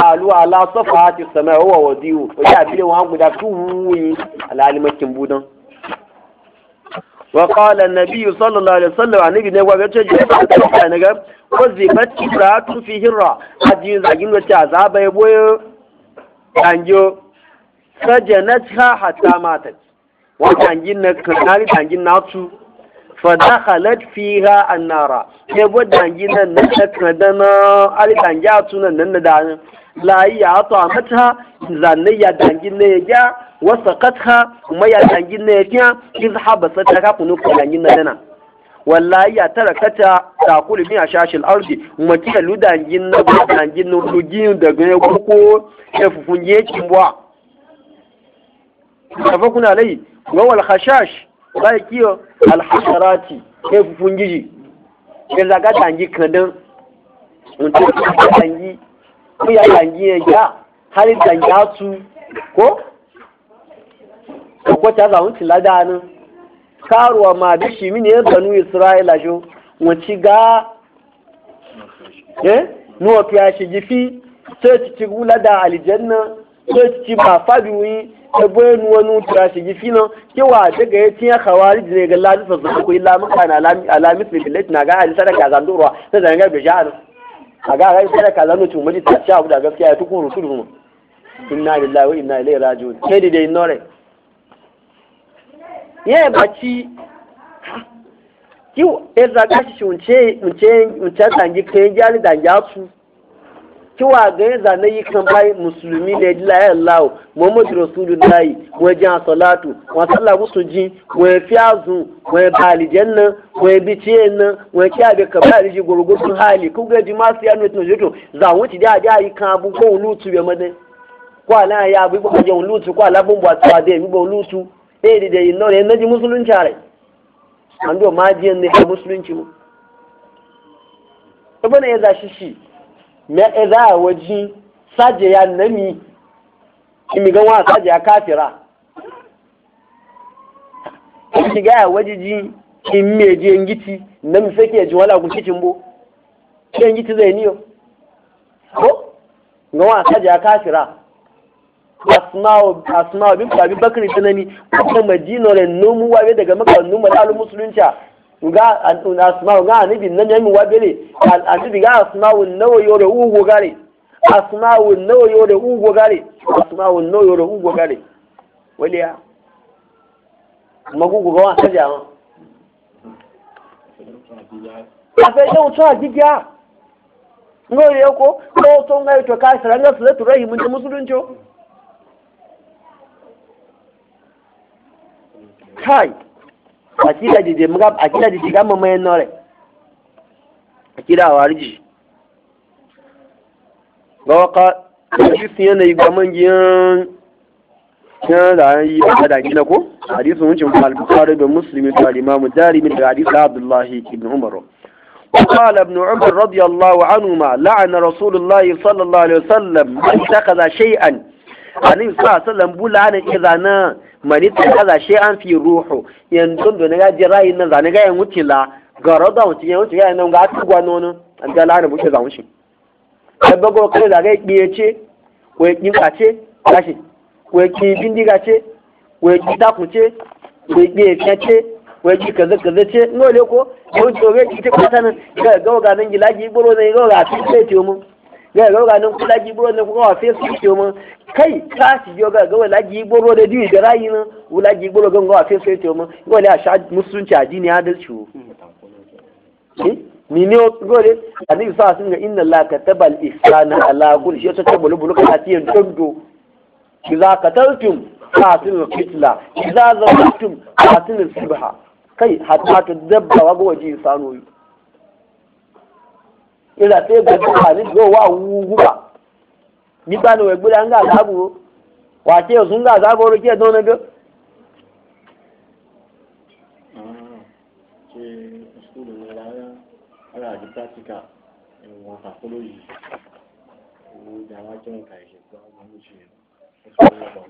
àlù àlà sọfà àti sọmọ ẹ wọwọ dí o orí àbílẹ̀ wọn àgùdà tó wúwo yín ma mọ kí n bú dán. وقال النبي صلى الله عليه وسلم عن ابن ابي بكر جاء وزفت امراه في هرة حدين زاجين وتعذاب يبوي تانجو سجنتها حتى ماتت وتانجين كناري تانجين ناتو fadakhalat fiha annara bodan ginan nan na takada na alidangi tunan nan na da layi ya ato amata zanne ya dangi ne ya wasa katha kuma ya dangi ne ya iz habasa ta ka kunu ko dangi na dana wallahi ya tarakata ta kulu bi ashashil ardi kuma kika dan na dangi da rugi daga ya koko ya bwa kimbwa fa kuna lai wa wal khashash ba kiyo alhasharati kai fufun giji ke zaga tangi kadan mutum ya tangi ko ya tangi ya ja har tangi su ko ko ta zaun lada nan karuwa ma da shi mini ya banu isra'ila jo wanci ga eh nuwa fiya shi gifi sai ci ci gula da aljanna sai ci ci ba fabiwi ebe nuwa nutura shi gifi nan kewa daga ya tiya kawari ne ga lalisa su kuyi muka na alamis ne bilet na ga hali sadaka zandurwa na zanga ga jihar a ga hali sadaka zanu tun maji ta sha guda gaskiya ya tukun tudu mu inna lillahi wa inna ilaihi raji'un sai da dai nore ye baci e shi unce unce unce kai jali ya kiwa ga yanzu na yi kan bayi musulmi ne ji layar lawo muhammadu rasulullahi wajen asalatu, wa sallah musu ji wa fi azu wa ba alijan nan wa bi ciye nan wa ki abi ka ba aliji gurgurun hali ku ga masu ya nuna za wuci da da yi kan abu ko lutu ya madan ko ala ya bi ko je lutu ko ala bun ba ta de mi bo lutu e de de no ne na ji musulunci are ando ma ji ne musulunci mu ibana e, ya zashi shi na eza waji saje ya nami kimi ga wa saje ya kafira kimi ga ya waji ji kimi me je ngiti nami sake e ji wala ku cikin bo ke ngiti zai niyo ko ga wa saje ya kafira asma'u asma'u bin abi bakri tunani ko madina ran nomu wawe daga maka nomu da al musulunci nga asma nga anibi nan yami wabele anibi ga asma wun nawo yore ugo gare asma wun nawo yore ugo gare asma wun nawo yore ugo gare waliya magugu ga wa saja ma afe da wuto ajiya ngo yo ko ko to ngai to ka akida da mga akida dìde ká mọ̀mọ́ ẹ̀ nọ́rẹ̀ akida àwárí jì lọ́wọ́ ká ẹ̀jú sí ẹ̀nà ìgbà mọ́ yẹn yẹn là ń yí ọ̀kadà gína kó àdísù ń cin da muslimi da alimamu jarimi da àdísù abdullahi ibn umaru وقال ابن عمر رضي الله عنهما لعن رسول الله صلى الله عليه وسلم من اتخذ شيئا عليه الصلاه والسلام بلعن اذا mani ta kaza she an fi ruhu yanzu da na gaji rayin nan zane gayan wuce la garo da wuce yan wuce ga nan ga ta gwano nan an ga lana bushe za wuce ai bago kai da gai biye ce ko kin kace kashi ko kin bindiga ce ko kin daku ce ko biye ce ko kin kaza ce, ce le ko yau to ga ki ta nan ga ga ga nan gilaji boro ne ga ga ti ce mu ga ga ga nan kula ji boro ne ko wa fe su ce mu kai ka ci yoga ga wala ji gboro da diwi da rayi na wala ji gboro ga ngawa fe fe to mu gole a sha musulunci addini ya dalci eh? ni ne gole annabi sa sun ga inna la kataba al ihsana ala kulli shay'in tabulu bulu ka tiyan dondo idza qataltum qatil qitla idza zawatum qatil subha kai hatta dabba wa waje sanoyi ila sai ga ni go wa wuguba nígbà ní òwe gbúdá ń gà sáàbù wà tí òsùn gà sáàbù orí kí ẹ̀dán ọ̀nàdó.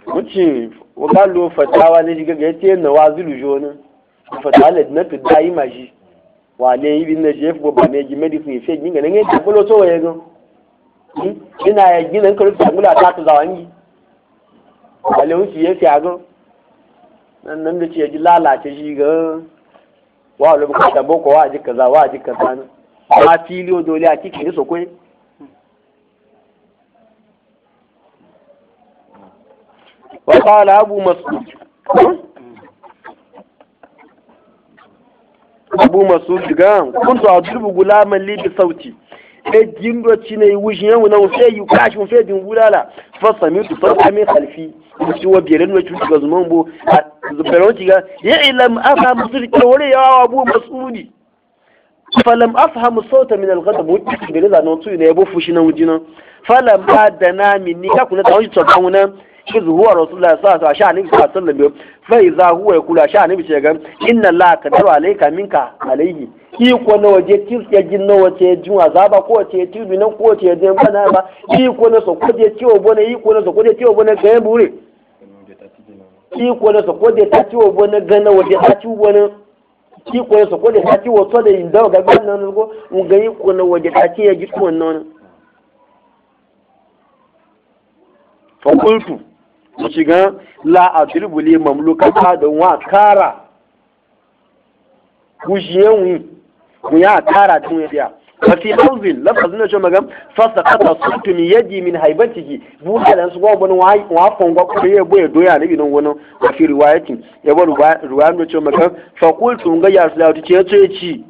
Wuce waka lo fatawa na shiga ga yace na wazulu jona fatawa da na tudda yi maji wa ne yi bin na jefu ba ne ji medicine fe ginga nan yake kulo to waye gan ina ya gina kan rufe mula ta ta zawan yi balin shi ya fiya gan nan nan da ce ya ji lalace shi ga wa wani ta boko wa ji kaza wa ji kaza na ma filiyo dole a kike ni sokoi wa qala abu mas'ud abu mas'ud ga kuntu adrubu gulaman li bi sauti ejin do cine yi wujin yau na wufe yi kashi wufe din bulala fa sami tu fa kame khalfi ci wa biyaran wa cuci ga zuman bo zubaran ci ga ya ilam afa musuri ta wore yawa abu masudi lam afhamu sauta min alghadab wa tibila na tu ne bo fushi na wujina fa lam adana min ni ka kuna ta wuce ta kuna iz huwa rasulullah sallallahu alaihi wasallam sallallahu alaihi wasallam fa iza huwa yakula sha annabi ce ga inna la kadaru alayka minka alayhi iko na waje tiske jin na wace jin azaba ko wace tibi nan ko wace jin bana ba iko na so ko je ciwo bone iko na so ko je ciwo bone ga yan bure iko na so ko je ta ciwo bone ga na waje ta ciwo bone iko na so ko je ta ciwo to da inda ga ban nan go mun ga iko na waje ta ya ji tuwon nan Fakultu, shiga la a turbule mamluka ta da wa kara kujiyen mu ya kara tun ya biya mafi hauzin lafazin da shi magam fasa kata sutu mi yaji min haibantiki buɗe da su wa wafon gwagwan ya boye doya na binan wani mafi riwayatin ya ba ruwayan da shi magam fakultu ga yasu da wata ce ya ce ci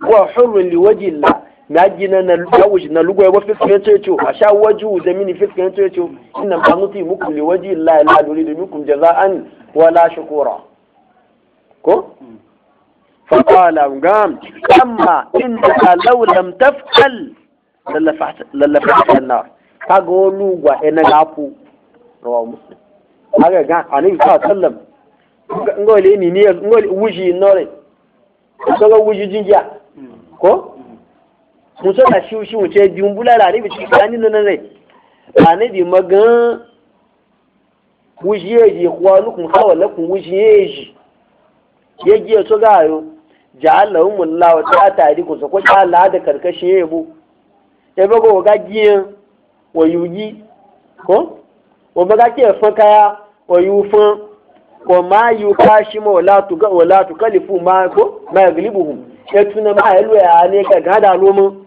wa hurrin liwajin na na gina na wuce na lugo ya wafi fiye cece a sha waju da mini fiye cece ina ba mutu muku le waji la la dori da muku jaza'an wala shukura ko fa qala gam amma inna law lam taf'al lallafa'ta an-nar kaga wani gwa ina gafu rawa muslim kaga ga anin sa sallam ngole ni ne ngole wuji nore so ga wuji jinja ko muso na shi shi wuce biyun bulara ne bici kani na nan rai ba ne bi magan wujiye ji kuwa lukun hawa lakun wujiye ji ya giya su gayo ja'alla hum Allah wa ta tari ku ko ta Allah da karkashin yebo ya e ba go ga giyan wa yuji ko wa ba ga ke fa kaya wa yufan wa ma yukashi ma wala tu wala tu ma ko ma yaglibuhum ya e tuna ma ya ne ka ga da lomin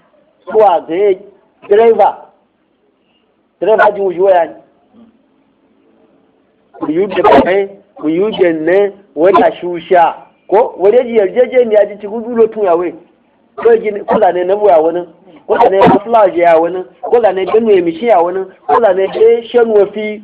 zuwa ga ya direba direba jin wuji waya ne ku yi da bai ku yi da ne wata shusha ko wani ji yarjeje ne ya ji cikin zulo tun yawe ko ji kula ne na buya wani kula ne ya fulaje ya wani kula ne ya mishi ya wani kula ne ya shan fi.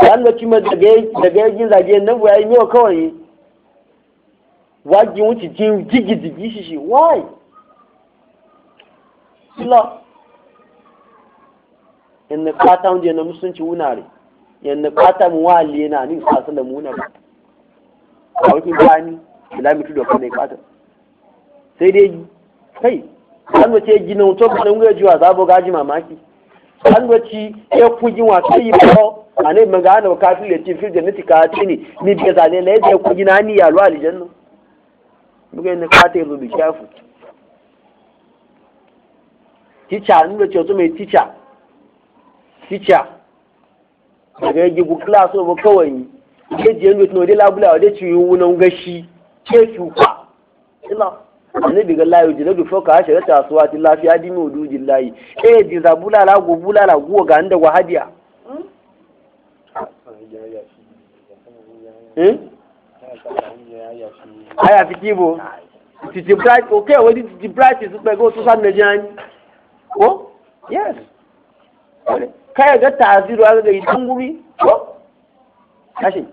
lalaci ma daga yakin zage nan ya yi mewa kawai wajin wuce jin jigi jigi shi shi why sila yanna kata wunde na musulunci wunare yanna kata mu wali yana ni sa da mu wunare a wakin bani ilami tudu kan ne kata sai dai kai an wace gina wuto ba nan gajiwa zabo gaji mamaki alwaci ya kuji wasu yi bawo a ne maga ana wa kafin lati fil jannati ka ne ni bi zane la yadda ya kuji na ni ya ruwa aljanna muga yin ka ta yanzu bi shafu teacher ni da cewa mai teacher teacher daga yi gu class over kawai ke ji yanzu da tuno labula wa dai ciwo na gashi ke shuka ila annabi ga foka ti lafiya layi eh ji za bulala go bulala go ga hmm? aya fi bright okay wadi bright su pe go to san na jani ko yes kai ga taziru ga yi tunguri ko kashi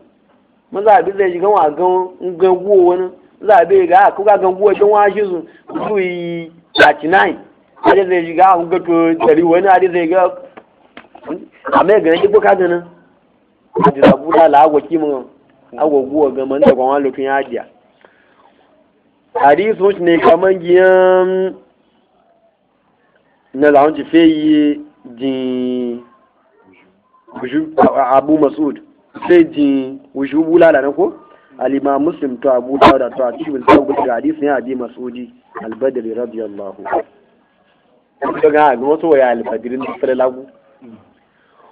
mun za a bi zai shiga wa ga wani zabe ga ku ga gangu don washi su su yi 39 hadi zai shiga ku ga to dari wani hadi zai ga amma ga ne buka da nan hadi zabu da la agwa kimin agwa guwa ga man da kwan lokacin hadiya hadisu ne kaman giyan na lawon ti feyi jin abu masud sai jin wujubu lalana ko alima muslim to abu dawuda to a cikin sabu da hadisin ya abi masudi albadri radiyallahu daga ga wato ya albadri da fara lagu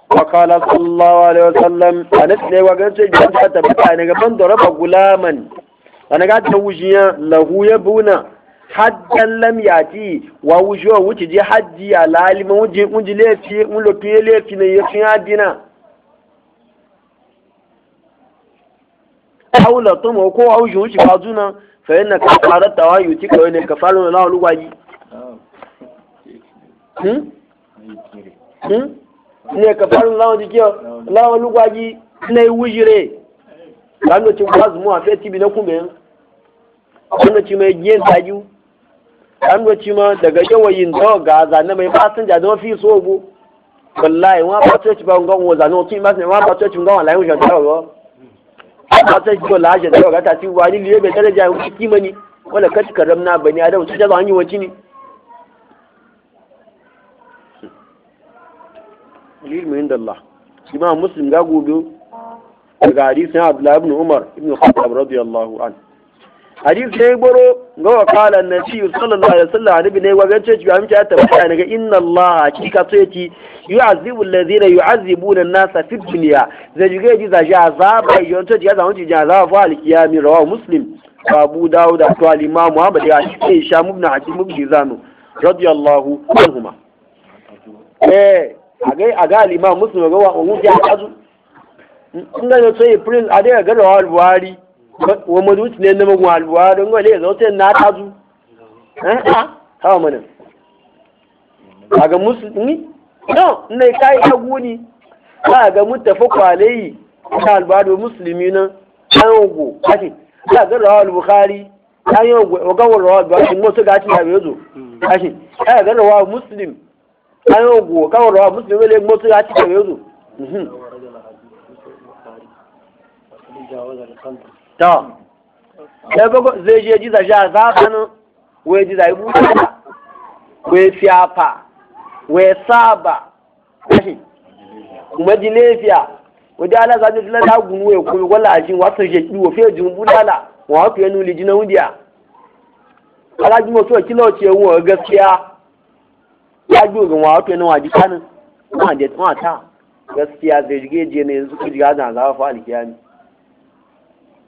wa qala sallallahu alaihi wasallam anas ne wa gace ga ta bata ne ga da raba gulaman ana ga ta wujiya lahu ya yabuna haddan lam yati wa wujuwa wuci je hajji ala lalima. wujin unjile fi un lo pele fi ne ya fi adina haula to mo ko au jun shi ba juna fa yana ka fara tawayu ti kawai ne ka fara na lu wayi hmm hmm ne ka fara na lu kiyo la lu wayi ne wujire kando ba wazu mu afi ti bi na kumbe kando ti mai yen taju kando ti ma daga yawayin to ga zanne mai fasinja don fi so bu. wallahi wa ba church ba ngon wo zanne o ti ma se wa ba church ngon wa lai wo sha ta go a sai ko laje da ga ta ci wani liye bai daraja hu ciki mani wala kat karamna bani adam su jaza hanyi waci ne ilmu inda Allah imam muslim ga gobe daga na abdullahi ibn Umar ibn Khattab radiyallahu anhu hadis ne gboro ga wa kala na ci sallallahu alaihi wasallam hadibi ne wa gace bi amci ta bata daga inna allah hakika to yake yu'azibu allazina yu'azibuna an-nasa fi dunya zai juge ji zaji azaba yon to ji azaba ji azaba fa al qiyam rawahu muslim abu dawud to al-imam muhammad ya shi sha mubna hakim ibn dizanu radiyallahu anhuma eh aga aga al-imam muslim ga wa mu ji azu in ga to prince adai ga rawahu al-buhari wa maduci ne na magun albuwa don wale ya zauta na ta zu hawa mana a ga musulmi no na ka yi hagu ne ka ga mutafa kwalayi ta musulmi nan an ogo kashi ka ga rawar bukari an yi ogawar rawar bukari mo su gashi ya bezo kashi ka ga rawar muslim ta ẹgbẹ́gbẹ́ zai je jíza ṣe àzáàtánú wẹ́ jíza ibú ṣáà wẹ́ fi àpà wẹ́ sáàbà mọ́jìlẹ́fìà wọ́n dẹ́ alága ní fílẹ̀ lágùn wẹ́ kúrò wọ́n láàájín wọ́n tún ṣe ìwò fẹ́ jù bú lálà wọ́n fi ẹnu lè jiná wúdíà alájúmọ̀ tó kí lọ́ọ̀tì ẹ̀wọ̀n ọ̀gẹ́ fi á ògùn wọ́n fi ẹnu àjíkánu wọ́n àtà gaskiya da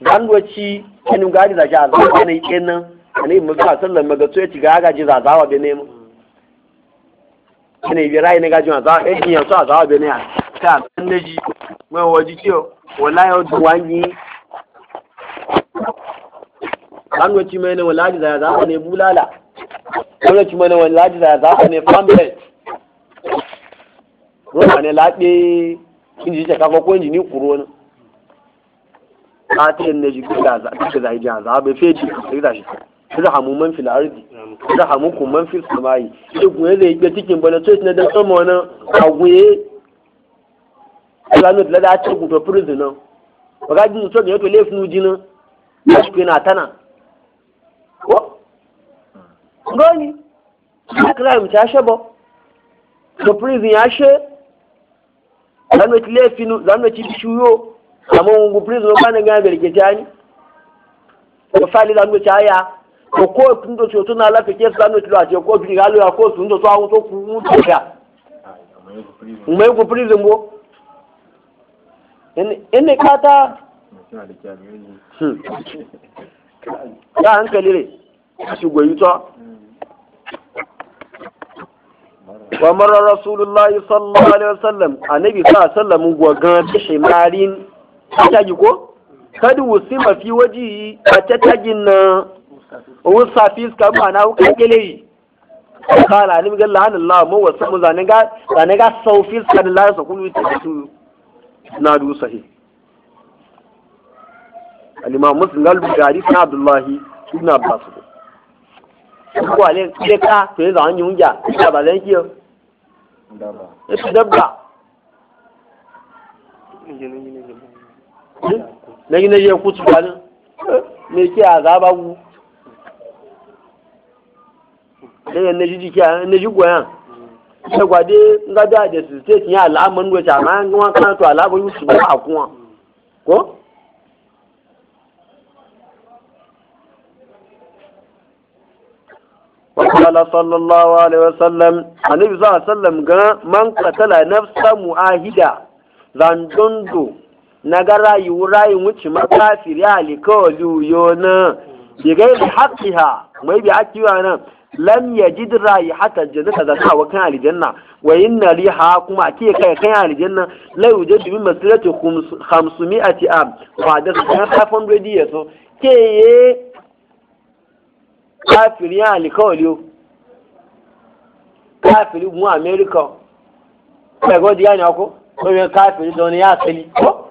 ganwaci kinu gadi da a zama ne kenan ne mu ka sallan maga to yaci ga gaji za zawa be ne mu kine bi rai ne gaji za e yin a zawa be ne ta ji. mai waje wala kiyo wallahi o duwangi ganwaci mai ne wallahi za za ne bulala ganwaci mai ne wallahi za za ne fambe ruwa ne labe inji ta kafa ko inji ni kuro ne قاتل نجي كذا كذا يجي عذاب da كذا شيء rahamu man fil ardi rahamu kun man fil samai igun ele igbe tikin bana to na da somo na agwe lanu da da ta gudo prison na waga ji to ne to lefnu jina ashi na tana ko ngoni crime ta shabo to prison ya she lanu ti lefinu lanu ti bishuyo àmọ́ mun gbogbo prison bá ní gan gẹ̀rẹ̀gẹ̀ tí a ní kò fáìlì lánàá tí a yà kò kóòtù ń tòṣì òtún náà láti kéésì lánàá tí lọ àti kóòtù ní ìhálò ya kóòtù ń tòṣì àwọn tó kú ń tòṣì à. mọ̀ ẹ́ prison bó ẹni kátá yà á ń kẹ́lé rẹ̀ ṣùgbọ́n yìí tọ́. ومر رسول الله صلى الله عليه وسلم النبي صلى الله عليه وسلم وغان tatagi ko kadi wusi mafi waji a tatagin na wusa fiska ma'ana wuka kele yi kala ni miga lahanin lawa mu wasu mu zane ga sau fiska da lahasa kunu ta su na du sahi alimam muslim galibu bukari sun abdullahi ba su ko ale ke ka to yi zan yunja ya ba zan kiyo dabba dabba na gina je kutu ganin me ke a zaba gu daga na jiji ke na ji goyan ta gwade nga da da su te tinya al'amun da ta ma ngwa kana to al'amun yusu ba a kuma ko وقال صلى الله عليه وسلم النبي صلى الله عليه وسلم من قتل معاهدا زان na ga rayu rayin wuce makafir ya alikawali yo na bigai da ha mai bi wa nan lam yajid haka hata ka zata wa kan aljanna wa inna riha kuma ake kai kan aljanna la yujad bi masirati ti a wa da kan 500 so ke ye kafiri ya alikawali yo kafiri mu america ko ga diya ne ko ko kafiri don ya sali ko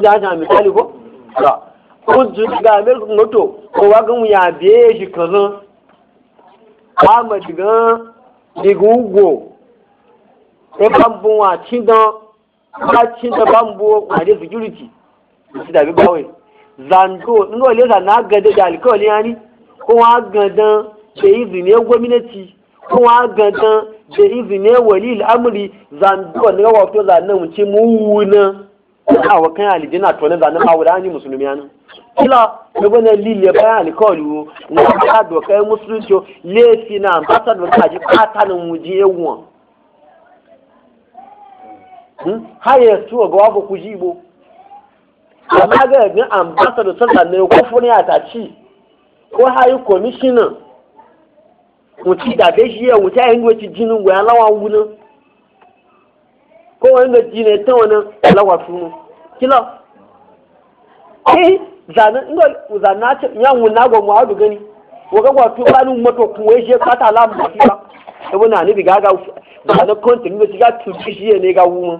ya ga misali ko ga kuzu ga mel moto ko wa gan ya biye shi kaza Ahmad gan digugo e bambu wa cindan ba cindan bambu wa de security su da bi bawai zando ngo le za na gade da alkawali yani kuma gadan da izini gwamnati kuma gadan da izini wali al'amari zando ne wa to zanen mu ce mu wuna a alijina to ne zanen awuda an yi musulmi anu kila ne bane lile bayan alikawali wo na ka do kai musulunci lefi na ambassador do kaji pata na muji ewon haye tuwa ga wabo kujibo amma ga ga ambassador sallan ne ko funi atachi ko hayi commissioner mutu da beji ya wuta yin wuce jinin wa ko wani ga ji ne ta wani lagwa sunu kila eh zanen inda zanen ta yan wuna ga mu adu gani wa ga wato bani mato kun wai je kata la mu fi ba to bana ni biga ga ba na kontin ne shiga tu shi ne ga wu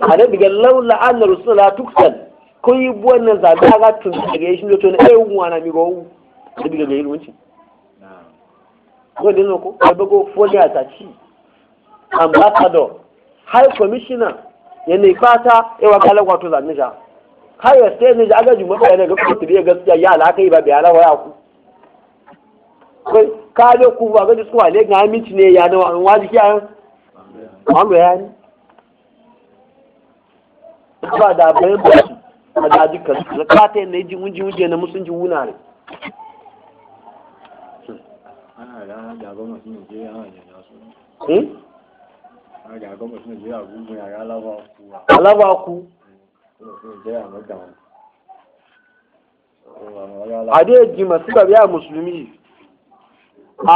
ana biga laula an rusula tuksal ko yi buwan zaga ga tu ga shi to ne eh wu ana mi go wu da biga ga ilwanci ko dinno ko ba go fodi atachi ambassador high commissioner ya ne fata ya wa kalan wato zanni sha har ya sai ne aga ba ne ga kotu biya gaskiya ya alaka yi ba biya na waya ku kai ka da ku ba ga su wale ne ya na waji ki an an ga yani ba bayan ba su a da dukkan su ka ne ji mun ji mun je na musun ji wuna ne ana da alábàákú adé jimọ̀ sí bàbí àwọn mùsùlùmí yìí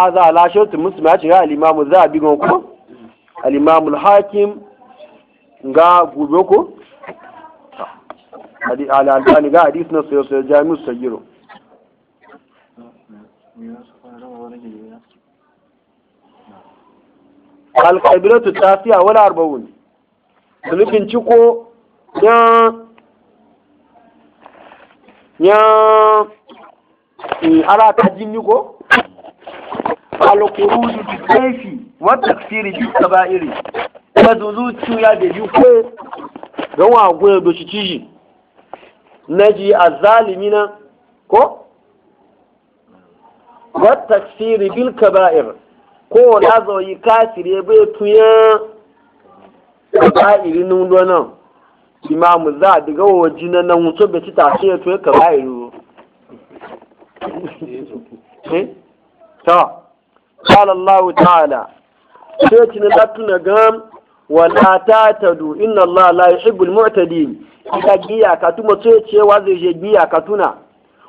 aza aláṣẹ́ òtù mùsùlùmí àti rá alìmọ́mù bi gan kú alìmọ́mù hakim ga gobe ko al'adani ga hadis na sosai jami'u sagiro alƙabilatu ta fiya wani arba'un nufin ciko ya ya eh, ara ta jini ko su da kaifi wata tsiri ji ta ba'iri ta zuzuci ya da ji ko don gwe da shi ciji na ji a zalimi na ko wata tsiri bil kaba'ir ko lazo yi ya bai tuya ba iri nundo nan imamu za a diga wa jina nan wuce bai ci tashe ya tuya ka ba iri eh? ta قال الله تعالى na لا تنغام wala ta tadu inna Allah la yuhibbul mu'tadin ita giya ka tuma ce cewa zai je giya ka tuna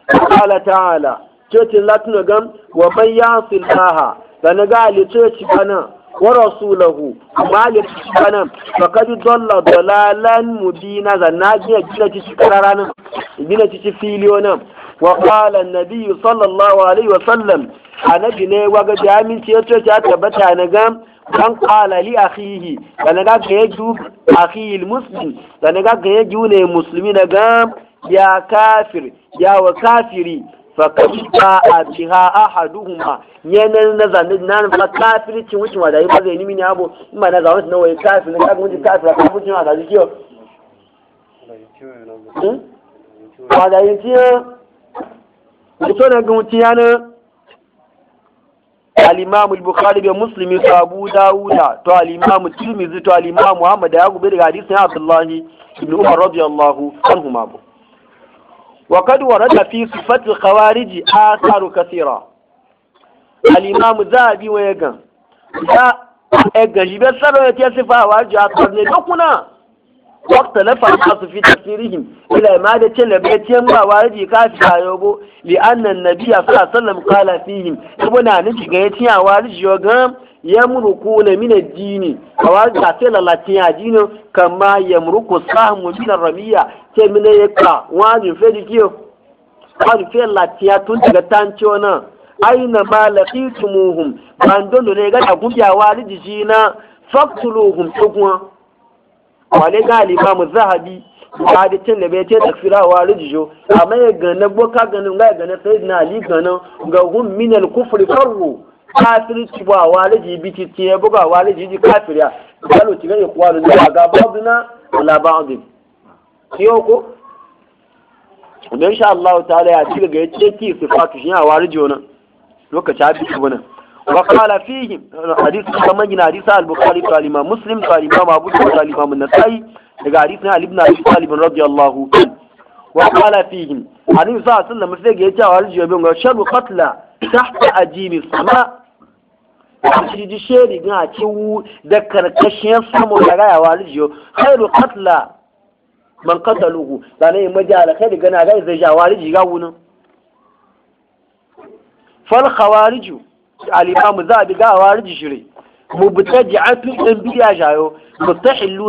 qala ta'ala ce tin latuna gam wa man laha sana ga alice ci bana wa rasulahu amma alice ci bana fa kadi dalla dalalan mubina zanna gina gina ci ci kararana gina ci ci filiyona wa qala an-nabi sallallahu alaihi wa sallam annabi ne waga jamin ce to ta tabbata na ga kan qala li akhihi sana ga ga a akhi al-muslim sana ga ga yaju ne muslimi na ga ya kafir ya wa kafiri a ba a biha ahaduhuma yanar na zanen na nufa kafircin wucin wadayi ba zai nimi ne abu in ba na zanen nawa ya kafin na kafin wucin kafin kafin wucin a zaji kiyo wadayi tiyo wuto na ga wuti yana alimamu bukhari bai musulmi su abu dawuda to alimamu tirmizi to alimamu muhammad da ya gube daga hadisin abdullahi ibn umar radiyallahu anhu ma bu وقد ورد في صفة الخوارج آثار كثيرة الإمام الذهبي ويقن لا يقن جبال سبب يتصفى وارجع نجوكنا وقت لفع الناس في تفسيرهم إلى ما تشل بيت يمبا وارجي كافي يوبو لأن النبي صلى الله عليه وسلم قال فيهم يبنا نجي قيتيا وارجي وقام yamruku na min addini kawa ga ce lalatin addini kama yamruku sahmu min ramiya ce min ya ka wani fe dikiyo wani fe latiya tun daga tanciyo na aina ma laqitumuhum bandolo ne ga gubiyawa rijiji na faktuluhum tukwa wale ga al-imam zahabi ba da cin da bai ce fira wa rijiyo amma ya gane boka ganin ga gane sayyidina ali ganin ga hum min kufri farru kafirci ba waliji biki ce buga waliji ji kafiriya kalo ci gani kuwa da ga babu na wala babu kiyo ko dan insha Allah ta'ala ya ci ga yace ki sifatu shi a waliji wannan lokaci abi kuma wa qala fihi hadith kama gina hadith al-bukhari to al-imam muslim to al-imam abu dawud to al-imam an-nasa'i daga hadith na ibn abi talib radiyallahu anhu wa qala fihi hadith sallallahu alaihi wasallam sai ga yace waliji bin ga sharru qatla tahta ajimi sama shi ji shiri ga a ciwu da karkashin samu da rayawa rijiyo khairu qatla man qataluhu sanai maji ala khairu gana ga zai ja wariji ga wunin fal khawariju al-imam zabi ga wariji shiri mubtaji'atu dan biya jayo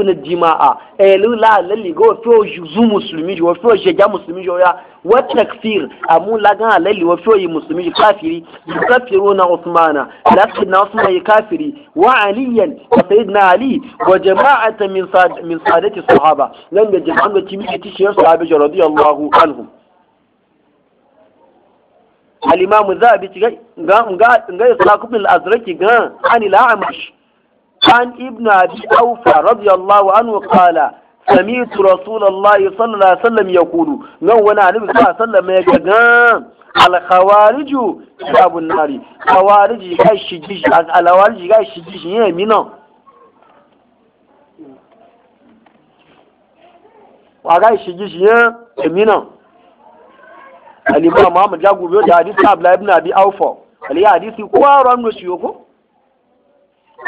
na jima'a elu la lalli go to yuzu muslimi jo wafi sheja muslimi musulmi ya wa takfir amu la gan lalli wa to yi muslimi kafiri kafiruna usmana lakin usman kafiri wa aliyan wa sayyidina ali wa jama'ata min sadati sahaba nan da jama'an da timi ti shi sahabi radiyallahu alimamu za a bi cikin ga islakubin al'azraki ga an ila'amash an ibn abi aufa radiyallahu anhu qala سمعت رسول الله صلى الله عليه وسلم يقول نو وانا النبي صلى الله عليه وسلم shi الخوارج كتاب النار خوارج غاي شجيش الخوارج غاي شجيش يمينا وغاي شجيش alima muhammad ya gobe da hadisi abdullahi ibn abi awfa ali hadisi ko ran no shiyo ko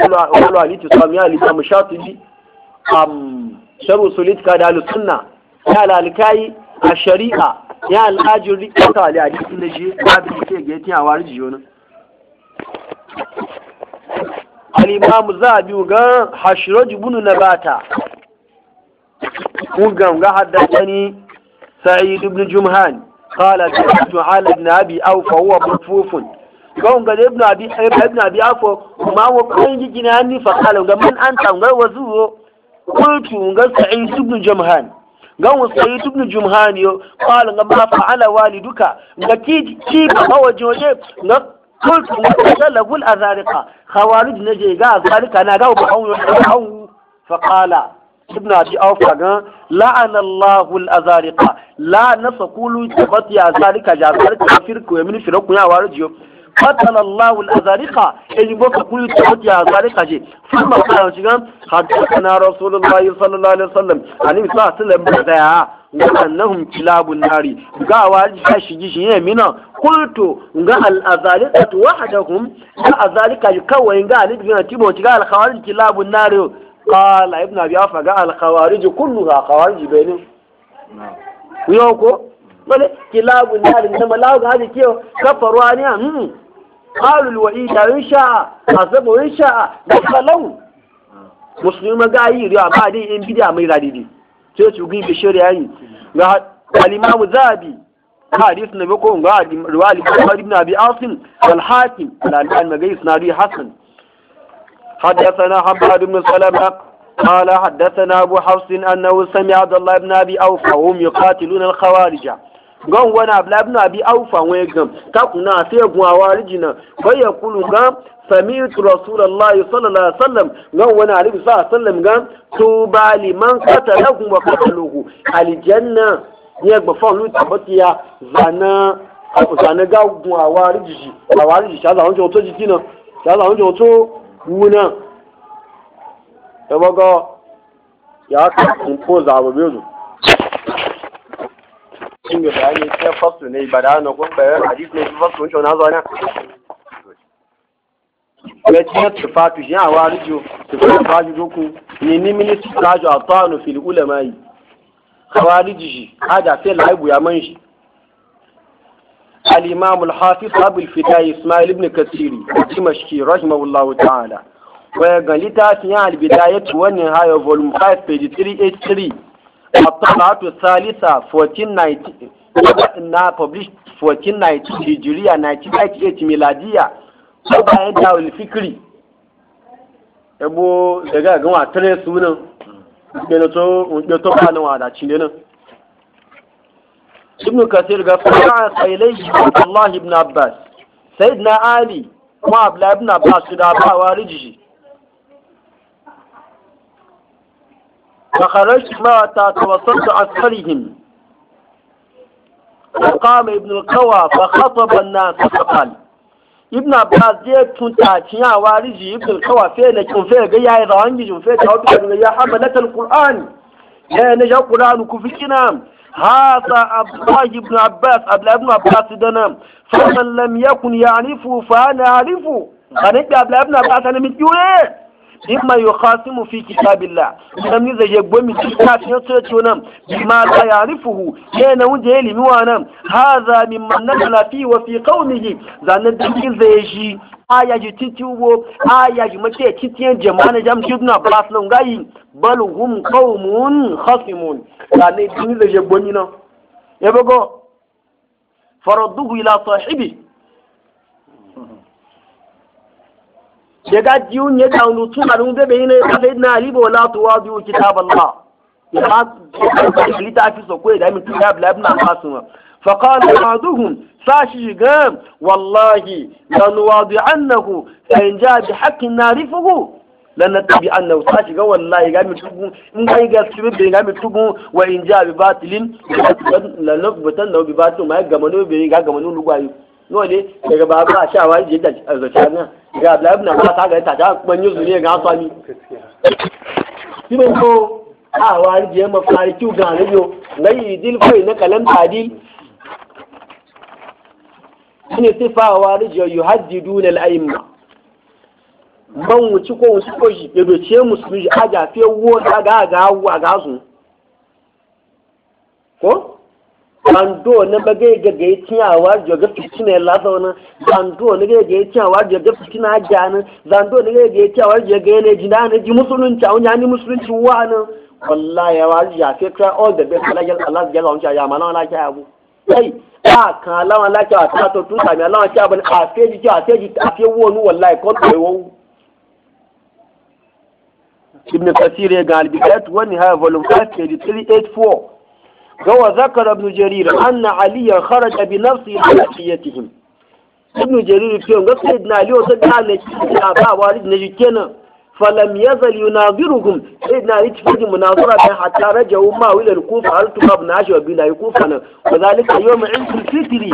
wala wala ali to sami ali tam bi am sharu sulit ka da sunna ya lalikai a shari'a ya al'ajiri ka ali hadisi ne je ba bi ke ga tiya warji yo nan al bi zabi ga hashraj ibn nabata ko ga ga haddathani sa'id ibn jumhan kala da ibn hala ibn abi aw fa huwa mutfufun kawun ga ibn abi ibn abi aw fa ma wa kan yi gina hannu fa kala ga man anta ga wazu kuntu ga sa'i ibn jamhan ga wa sa'id ibn jamhan yo kala ga ma fa ala waliduka ga ki waje waje wa joje ga kuntu a lagul azariqa khawarij na je ga azariqa na ga ba hawu hawu suna shi auka gan la'ana Allahu al-azariqa la nasa kulu tabati azariqa jazar ka firku ka na rasulullahi sallallahu alaihi wasallam ani sa sallam ba da ya wannan kilabun nari ga waji ta shiji shi ne mina kultu ga al-azariqa wahadahum ga qala ibn abi afa ga al khawarij kulluha khawarij bainin yo ko wala kilabu nar inda malaga hadi kiyo kafaru ani hmm qalu al wa'ida insha azabu insha da falau muslima ga yi riya ba dai in bidi'a mai radidi ce ci gin bi shari'a yi ga al imam zabi hadith na bako ga riwali ibn abi asim wal hakim al albani magai sanadi hasan حدثنا حماد بن سلمة قال حدثنا أبو حفص أنه سمع عبد الله بن أبي أوفى وهم يقاتلون الخوارج gan wani abu labin abi aufa wani gam ta kuna sai gun awariji nan ya kulu gam sami'tu rasulullahi sallallahu alaihi wasallam gan wani alibi sa sallam gam tuba liman kuma wa qataluhu aljanna ya gba fa lu tabatiya zana zana ga gun awariji awariji ta za won jo to jikina ta za won jo kuna ta baga ya ka ko zaɓa bezu shin ga bayani ta fasu ne ba da na kun bayan hadis ne ta fasu wancan na zuwa na ya ce ya tufa tushen a wa rijo tufa fashi zoku ne ni ministi rajo a tsawon fil ulama yi kawari jishi hada sai laibu ya man shi الإمام الحافظ أبو الفتاة إسماعيل بن كثير دمشقي رحمه الله تعالى وقال لتاتي البداية والنهاية فولوم 5 page 383 الطبعة الثالثة 1490 published 1490 هجرية 1998 ميلادية طبعا يدعو الفكري ebo daga gawa tare sunan da to da to kana wada cinne ibn kasir ga fa'a sailai Allah ibn Abbas sayyidina Ali kuma Abdullah ibn Abbas da ba wariji fa kharajtu ma ta tawassatu askarihim فقام ابن القوى فخطب الناس فقال ابن عباس زي تنتا تيا وارجي ابن القوى فين كن فين غيا يا رانجي جن فين تاو بيان يا حملة القرآن يا نجا القرآن كفكنا هذا عبد الله بن عباس قبل ابن عباس دنا فمن لم يكن يعرفه فانا اعرفه انا عبد الله بن عباس انا من جوه إما يخاصم في كتاب الله لم يزج يقوم من كتاب يتوتونا بما لا يعرفه كان وجه لموانا هذا ممن نزل فيه وفي قومه ذا ندرك زيجي aya ji titi wo aya ji mace titi jama'a na jam shi na gayi bal hum qaumun khasimun da ne din da je bonni na ila sahibi ga da nutu a na ali bola to wa biyu kitab Allah ya ta فقال بعضهم ساشي جام والله لنواضع لنواضعنه فإن جاء بحق نعرفه لن تبي أنه ساشي جام والله قام يتوبون إن كان يقصد جام يتوبون وإن جاء بباطل لو بباطل ما يقامنه بإن قامنه لقائه nole daga babu a shawa yi da zace nan ga abdullahi na ba ta ga ta ta ban yuzu ne ga sami kiban ko a wari je mafari kiu ga sun sifa wa rijiyo yu haddidu na la'imma man wuci ko wuci ko shi musulmi a jafe ga ga wa ga su ko na ba ga tiyawa jo ga na ga ga tiyawa jo ga fitina jana zando na ga na ji musulunci a wani musulunci wa nan wallahi ya wa jafe ka all the best ya Allah ya launci na kai abu kai ta kan aláwọn aláṣẹ àti àtọ tún sàmì aláwọn aṣẹ àbẹni àfẹjì jẹ àfẹjì àfẹwọ ní wọlá ẹkọ tó ẹwọ. ibn kasir ya ga albidayat wa nihaya volume 5 page 384 ga zakara ibn jarir anna aliya kharaja bi nafsi alaqiyatihim ibn jarir fiyon ga sayyidina ali wata da ne ki ba wa rid na falam yazal yunaziruhum na ali cikin munazara da hatta rajahu ma wilal kufa al tubab na shi wa bila kufa na wa zalika yawm eid fitri